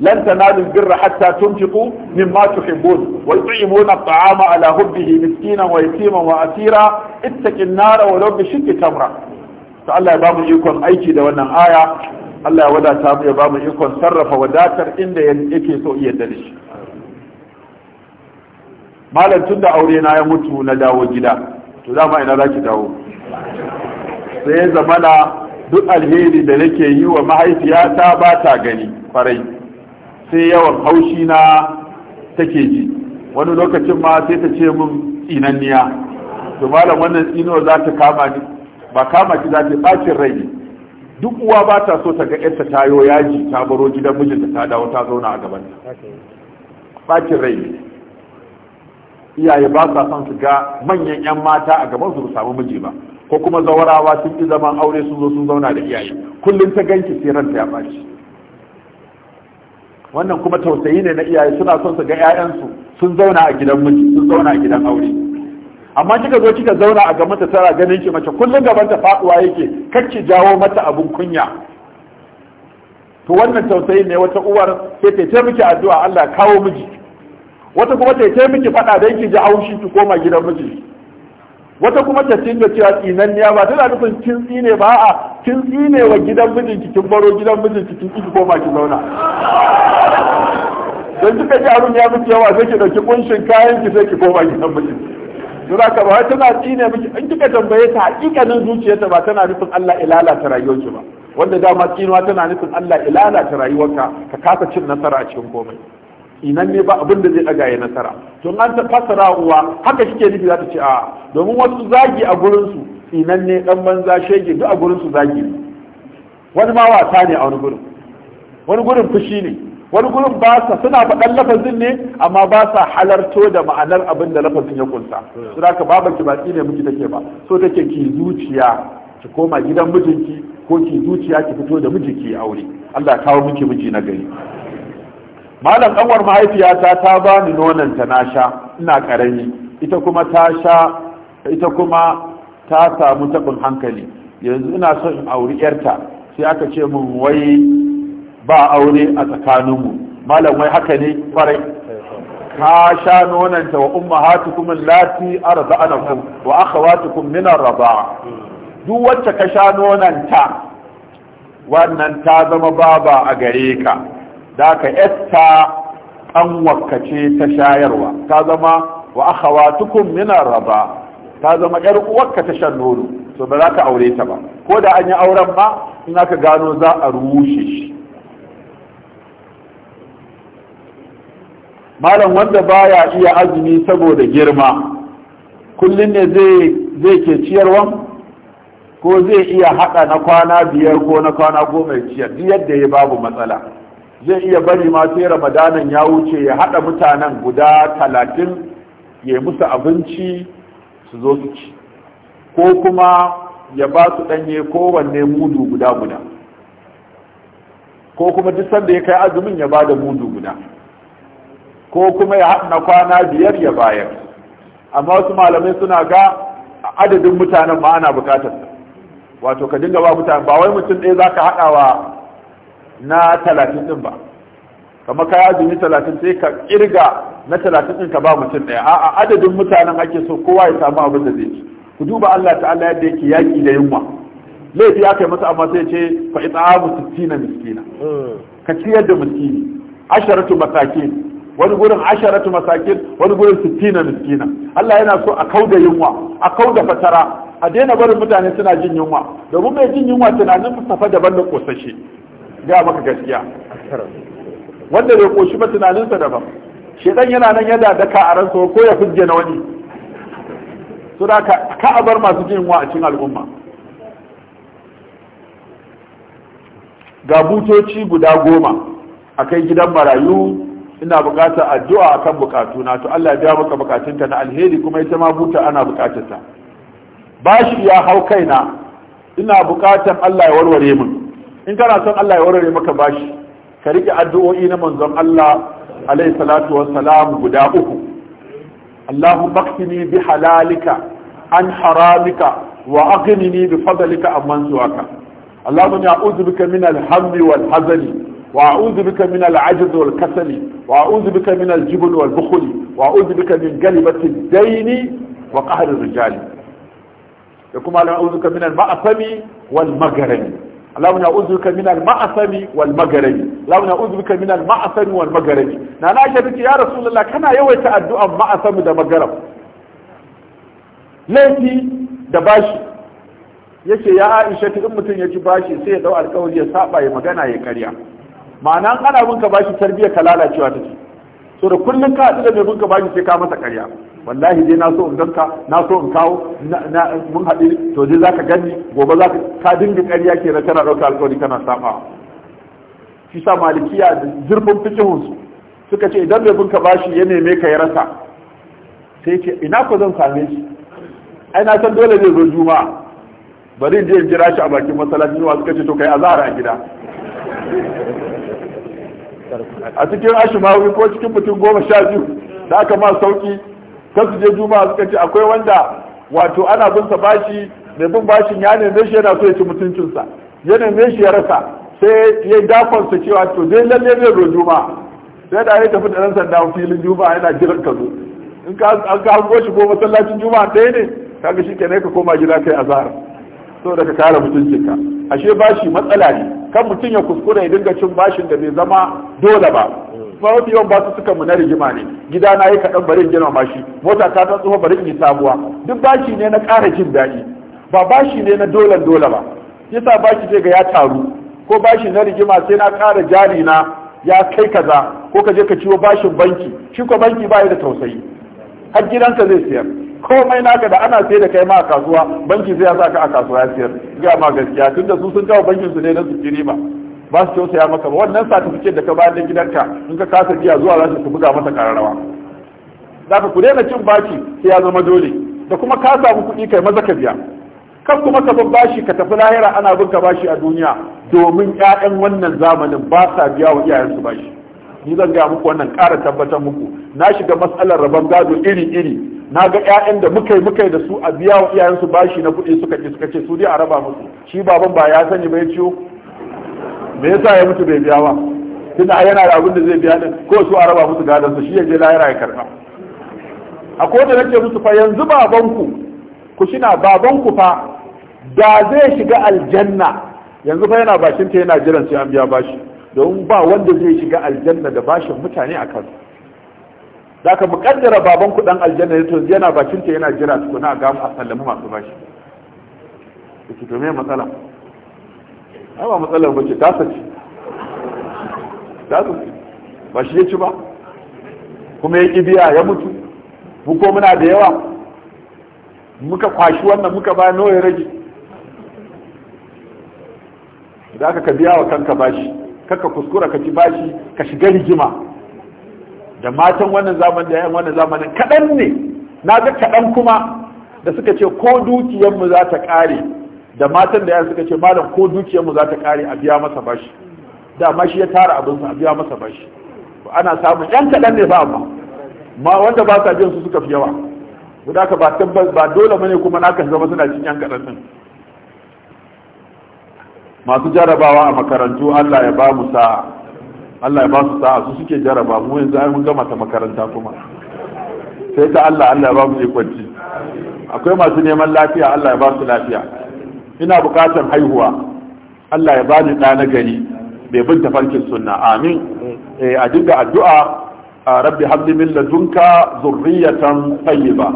Speaker 2: lan tanalu birra hatta tunfiqu mimma tuhibbun wa yut'imuna at'ama ala hubbihi miskinan wa yatiman wa asira ittaqin nara wa law bi shiqqi tamra to Allah ya bamu ikon aiki da wannan aya Allah ya wadata mu ya bamu ikon sarrafa wadatar inda yake so iya da shi malam tunda aure na ya mutu na dawo gida to dama ina zaki dawo sai zamana duk alheri da nake yi wa mahaifiya ta ba ta gani farai sai yawan haushi na take ji wani lokacin ma sai ta ce min tsinanniya to malam wannan tsino za ta kama ni ba kama ki za ta bacin rai ne duk uwa ba ta so ta ga yarta ta yo yaji ta baro gidan mijinta ta dawo ta zauna a gaban ta bacin rai iyaye ba sa son su ga manyan yan mata a gaban su samu miji ba ko kuma zawarawa sun ki zaman aure sun zo sun zauna da iyaye kullum ta ganki sai ranta ya ɓaci wannan kuma tausayi ne na iyaye suna son su ga 'ya'yansu sun zauna a gidan miji sun zauna a gidan aure amma kika zo kika zauna a gaban tara ganin ki mace kullum gaban ta faduwa yake ki jawo mata abun kunya to wannan tausayi ne wata uwar sai ta ce miki addu'a Allah kawo miji wata kuma ta ce miki fada dan ki ji haushi ki koma gidan miji wata kuma ta dinga cewa tsinanniya ba tana nufin kin tsine ba a kin tsine wa gidan mijinki kin baro gidan mijinki kin ki koma ki zauna don duka ji abin ya fi yawa sai ki dauki kunshin kayan ki sai ki koma gidan mijinki don ka ba tana tsine miki in kika tambaye ta hakikanin zuciyarta ba tana nufin Allah ilala ta rayuwarki ba wanda dama tsinuwa tana nufin Allah ilala ta rayuwarka ka kasa cin nasara a cikin komai inan ne ba abin da zai daga ya nasara to an ta fasara uwa haka shike nufi za ta ce a domin wasu zagi a gurin su inan ne dan banza shege duk a gurin su zagi wani ma wasa ne a wani gurin wani gurin fushi ne wani gurin ba sa suna faɗan lafazin ne amma ba sa halarto da ma'anar abin da lafazin ya kunsa su da babar ki ba ne miki take ba so take ki zuciya ki koma gidan mijinki ko ki zuciya ki fito da mijinki aure Allah ya kawo miki miji na gari malam kanwar mahaifiyata ta ba ni ta na sha ina karami ita kuma ta sha ita kuma ta samu tabin hankali yanzu ina son in auri yarta sai aka ce mun wai ba aure a tsakaninmu malam wai haka ne farai ka sha nonanta wa ummahatukum allati arda'anakum wa akhawatukum min ar-raba'a duk wacce ka sha ta wannan ta zama baba a gare ka da ka yatta an wakace ta shayarwa ta zama wa akhawatukum min raba ta zama yar uwarka ta shan nono to ba za ka aure ta ba ko da an yi auren ba in aka gano za a rushe shi malam wanda baya iya azumi saboda girma kullum ne zai ke ciyarwan ko zai iya haɗa na kwana biyar ko na kwana goma ciyar duk yadda ya babu matsala zai iya bari ma sai ramadanan ya wuce ya haɗa mutanen guda talatin ya yi musu abinci su zo su ci ko kuma ya ba su ɗanye kowanne mudu guda guda ko kuma duk sanda ya kai azumin ya ba da mudu guda ko kuma ya haɗa kwana biyar ya bayar amma wasu malamai suna ga adadin mutanen ma ana bukatar wato ka dinga ba mutane ba wai mutum ɗaya za ka haɗa wa na talatin din ba kamar ka azumi talatin sai ka kirga na talatin din ka ba mutum ɗaya a'a adadin mutanen ake so kowa ya samu abin da zai ci ku duba Allah ta'ala yadda yake yaki da yunwa laifi ya kai masa amma sai ce fa it'amu sittina miskina hmm. ka ciyar da miskini asharatu masakin wani gurin asharatu masakin wani gurin sittina miskina Allah yana so a kauda yunwa a kauda fatara a daina barin mutane suna jin yunwa domin mai jin yunwa tunanin fasafa daban da kosashe gaya maka gaskiya wanda bai koshi ba tunaninsa daban shedan yana nan yada da ka a ransa ko ya fujje na wani so da ka ka bar masu jin wa a cikin al'umma ga butoci guda goma akai gidan marayu ina bukata addu'a akan bukatuna to Allah ya biya maka bukatunta na alheri kuma ita ma buta ana bukatarta bashi ya hau kaina ina bukatan Allah ya warware min in kana son Allah ya warware maka bashi ka rike addu'o'i na manzon Allah alaihi salatu wassalam guda uku Allahumma ni bi halalika an haramika wa aghnini bi fadlika amman suwaka Allahumma a'udhu bika min al-hammi wal hazani وأعوذ بك من العجز والكسل وأعوذ بك من الجبن والبخل وأعوذ بك من قلبة الدين وقهر الرجال يقوم على بك من المأثم والمغرم اللهم نعوذ بك من المعصم والمغرب اللهم نعوذ بك من المعصم والمغرب نانا عائشة يا رسول الله كنا يويت الدعاء معصم ده مغرب laifi da bashi yace ya Aisha ta in mutum ya ci bashi sai ya dau alƙawari ya saba ya magana ya karya Ma'anan ana binka bashi tarbiyya ka lalacewa take so da kullun ka haɗu da binka bashi sai ka masa karya wallahi dai na so in ganka na so in kawo mun haɗi to za ka gani gobe za ka dinga ƙarya kenan kana ɗauka alƙawari kana saba shi sa malikiya zurfin fikihun su suka ce idan bai binka bashi ya neme ka ya rasa sai ce ina ko zan same shi ai na san dole zai zo juma'a bari je in jira shi a bakin masallaci wa suka ce to kai azhar a gida a cikin ashimawi ko cikin mutum goma sha biyu da aka ma sauki kan su je juma'a suka ce akwai wanda wato ana bin sa bashi mai bin bashin ya neme shi yana so ya ci mutuncinsa ya neme shi ya rasa sai ya dakon sa cewa to dai lalle zai zo juma'a sai da ya tafi da ran sanda filin juma'a yana jiran ka zo in ka an ka hango shi ko masallacin juma'a ɗaya ne kaga shi kenan ka koma gida kai azhar so da ka kare mutuncinka ashe bashi matsala ne kan mutum ya kuskure ya dinga cin bashin da bai zama dole ba mafi yawan basu suka mu na rigima ne gida na yi kaɗan bari in gina mashi mota ta ta tsoho bari in yi sabuwa duk bashi ne na ƙara jin daɗi ba bashi ne na dolan dole ba yasa bashi sai ga ya taru ko bashi na rigima sai na ƙara jari na ya kai kaza ko ka je ka ciwo bashin banki shi ko banki ba da tausayi har gidanka zai siyar komai naka da ana sai da kai ma a kasuwa banki zai ya sa ka a kasuwa ya siyar ga ma gaskiya tunda su sun kawo bankin su ne na su ba ba su tausaya maka ba wannan satifiket da ka bayar da gidanka in ka kasa biya zuwa za su buga masa kararrawa za ka ku daina cin baki sai ya zama dole da kuma ka samu kuɗi kai maza ka biya kan kuma ka bar bashi ka tafi lahira ana bin ka bashi a duniya domin ƴaƴan wannan zamanin ba sa biya wa iyayensu bashi ni zan gaya muku wannan ƙara tabbatar muku na shiga matsalar rabon gado iri-iri na ga ƴaƴan da muka yi muka yi da su a biya wa iyayensu bashi na kuɗi suka ki suka ce su dai a raba musu shi baban ba ya sani ba ya ciwo me yasa ya mutu bai biya ba tunda ai yana da abin da zai biya din ko su a raba musu gadon su shi ya je lahira ya karba a ko da nake musu fa yanzu baban ku ku shina ku fa da zai shiga aljanna yanzu fa yana bashin ta yana jiran sai an biya bashi don ba wanda zai shiga aljanna da bashin mutane a kansu Da ka mukaddara baban ku dan aljanna ya tunzi yana bakin ta yana jira tukuna ga gamu a sallama masu bashi da to me matsala ba matsalar mace ta sace ba shi ya ci ba kuma ya ki biya ya mutu mu ko muna da yawa muka kwashi wannan muka ba nawa ya rage Za ka biya wa kanka bashi kaka kuskura ka ci bashi ka shiga rigima da matan wannan zamanin da yan wannan zamanin kaɗan ne na ga kaɗan kuma da suka ce ko dukiyarmu za ta ƙare da matan da ya suka ce malam ko dukiyar mu za ta kare a biya masa bashi da ma shi ya tara abin sa a biya masa bashi ana samun yan kaɗan ne ba amma ma wanda ba sa biyan su suka fi yawa guda ka ba tabbas ba dole bane kuma naka zama suna cin yan kaɗan din masu jarabawa a makarantu Allah ya ba mu sa'a Allah ya ba su sa'a su suke jaraba mu yanzu ai mun gama ta makaranta kuma sai ta Allah Allah ya ba mu ikwanci akwai masu neman lafiya Allah ya ba su lafiya ina bukatar haihuwa Allah ya bani ɗa na gari bai bin sunna amin eh, a addu'a rabbi habli min ladunka zurriyatan tayyiba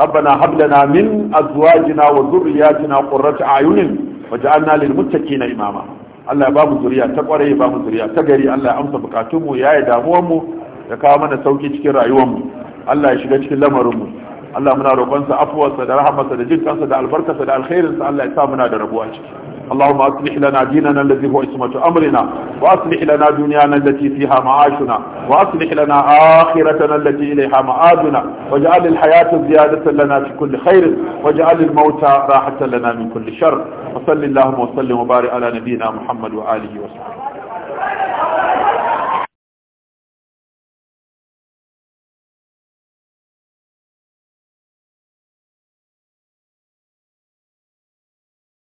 Speaker 2: ربنا هب لنا من ازواجنا وذرياتنا قرة اعين وجعلنا للمتقين اماما Allah ya ba mu zuriya ta kware ya ba mu zuriya ta gari Allah ya amsa bukatunmu ya yi damuwanmu ya kawo mana sauki cikin rayuwar mu. Allah ya shiga cikin lamarinmu Allah muna roƙon sa afuwarsa da rahamarsa da jinkansa da albarkarsa da alkhairinsa Allah ya sa muna da rabuwa ciki اللهم أصلح لنا ديننا الذي هو اسمة أمرنا وأصلح لنا دنيانا التي فيها معاشنا وأصلح لنا آخرتنا التي إليها مآبنا واجعل الحياة زيادة لنا في كل خير واجعل الموت راحة لنا من كل شر وصل اللهم وسلم وبارك على نبينا محمد وآله وصحبه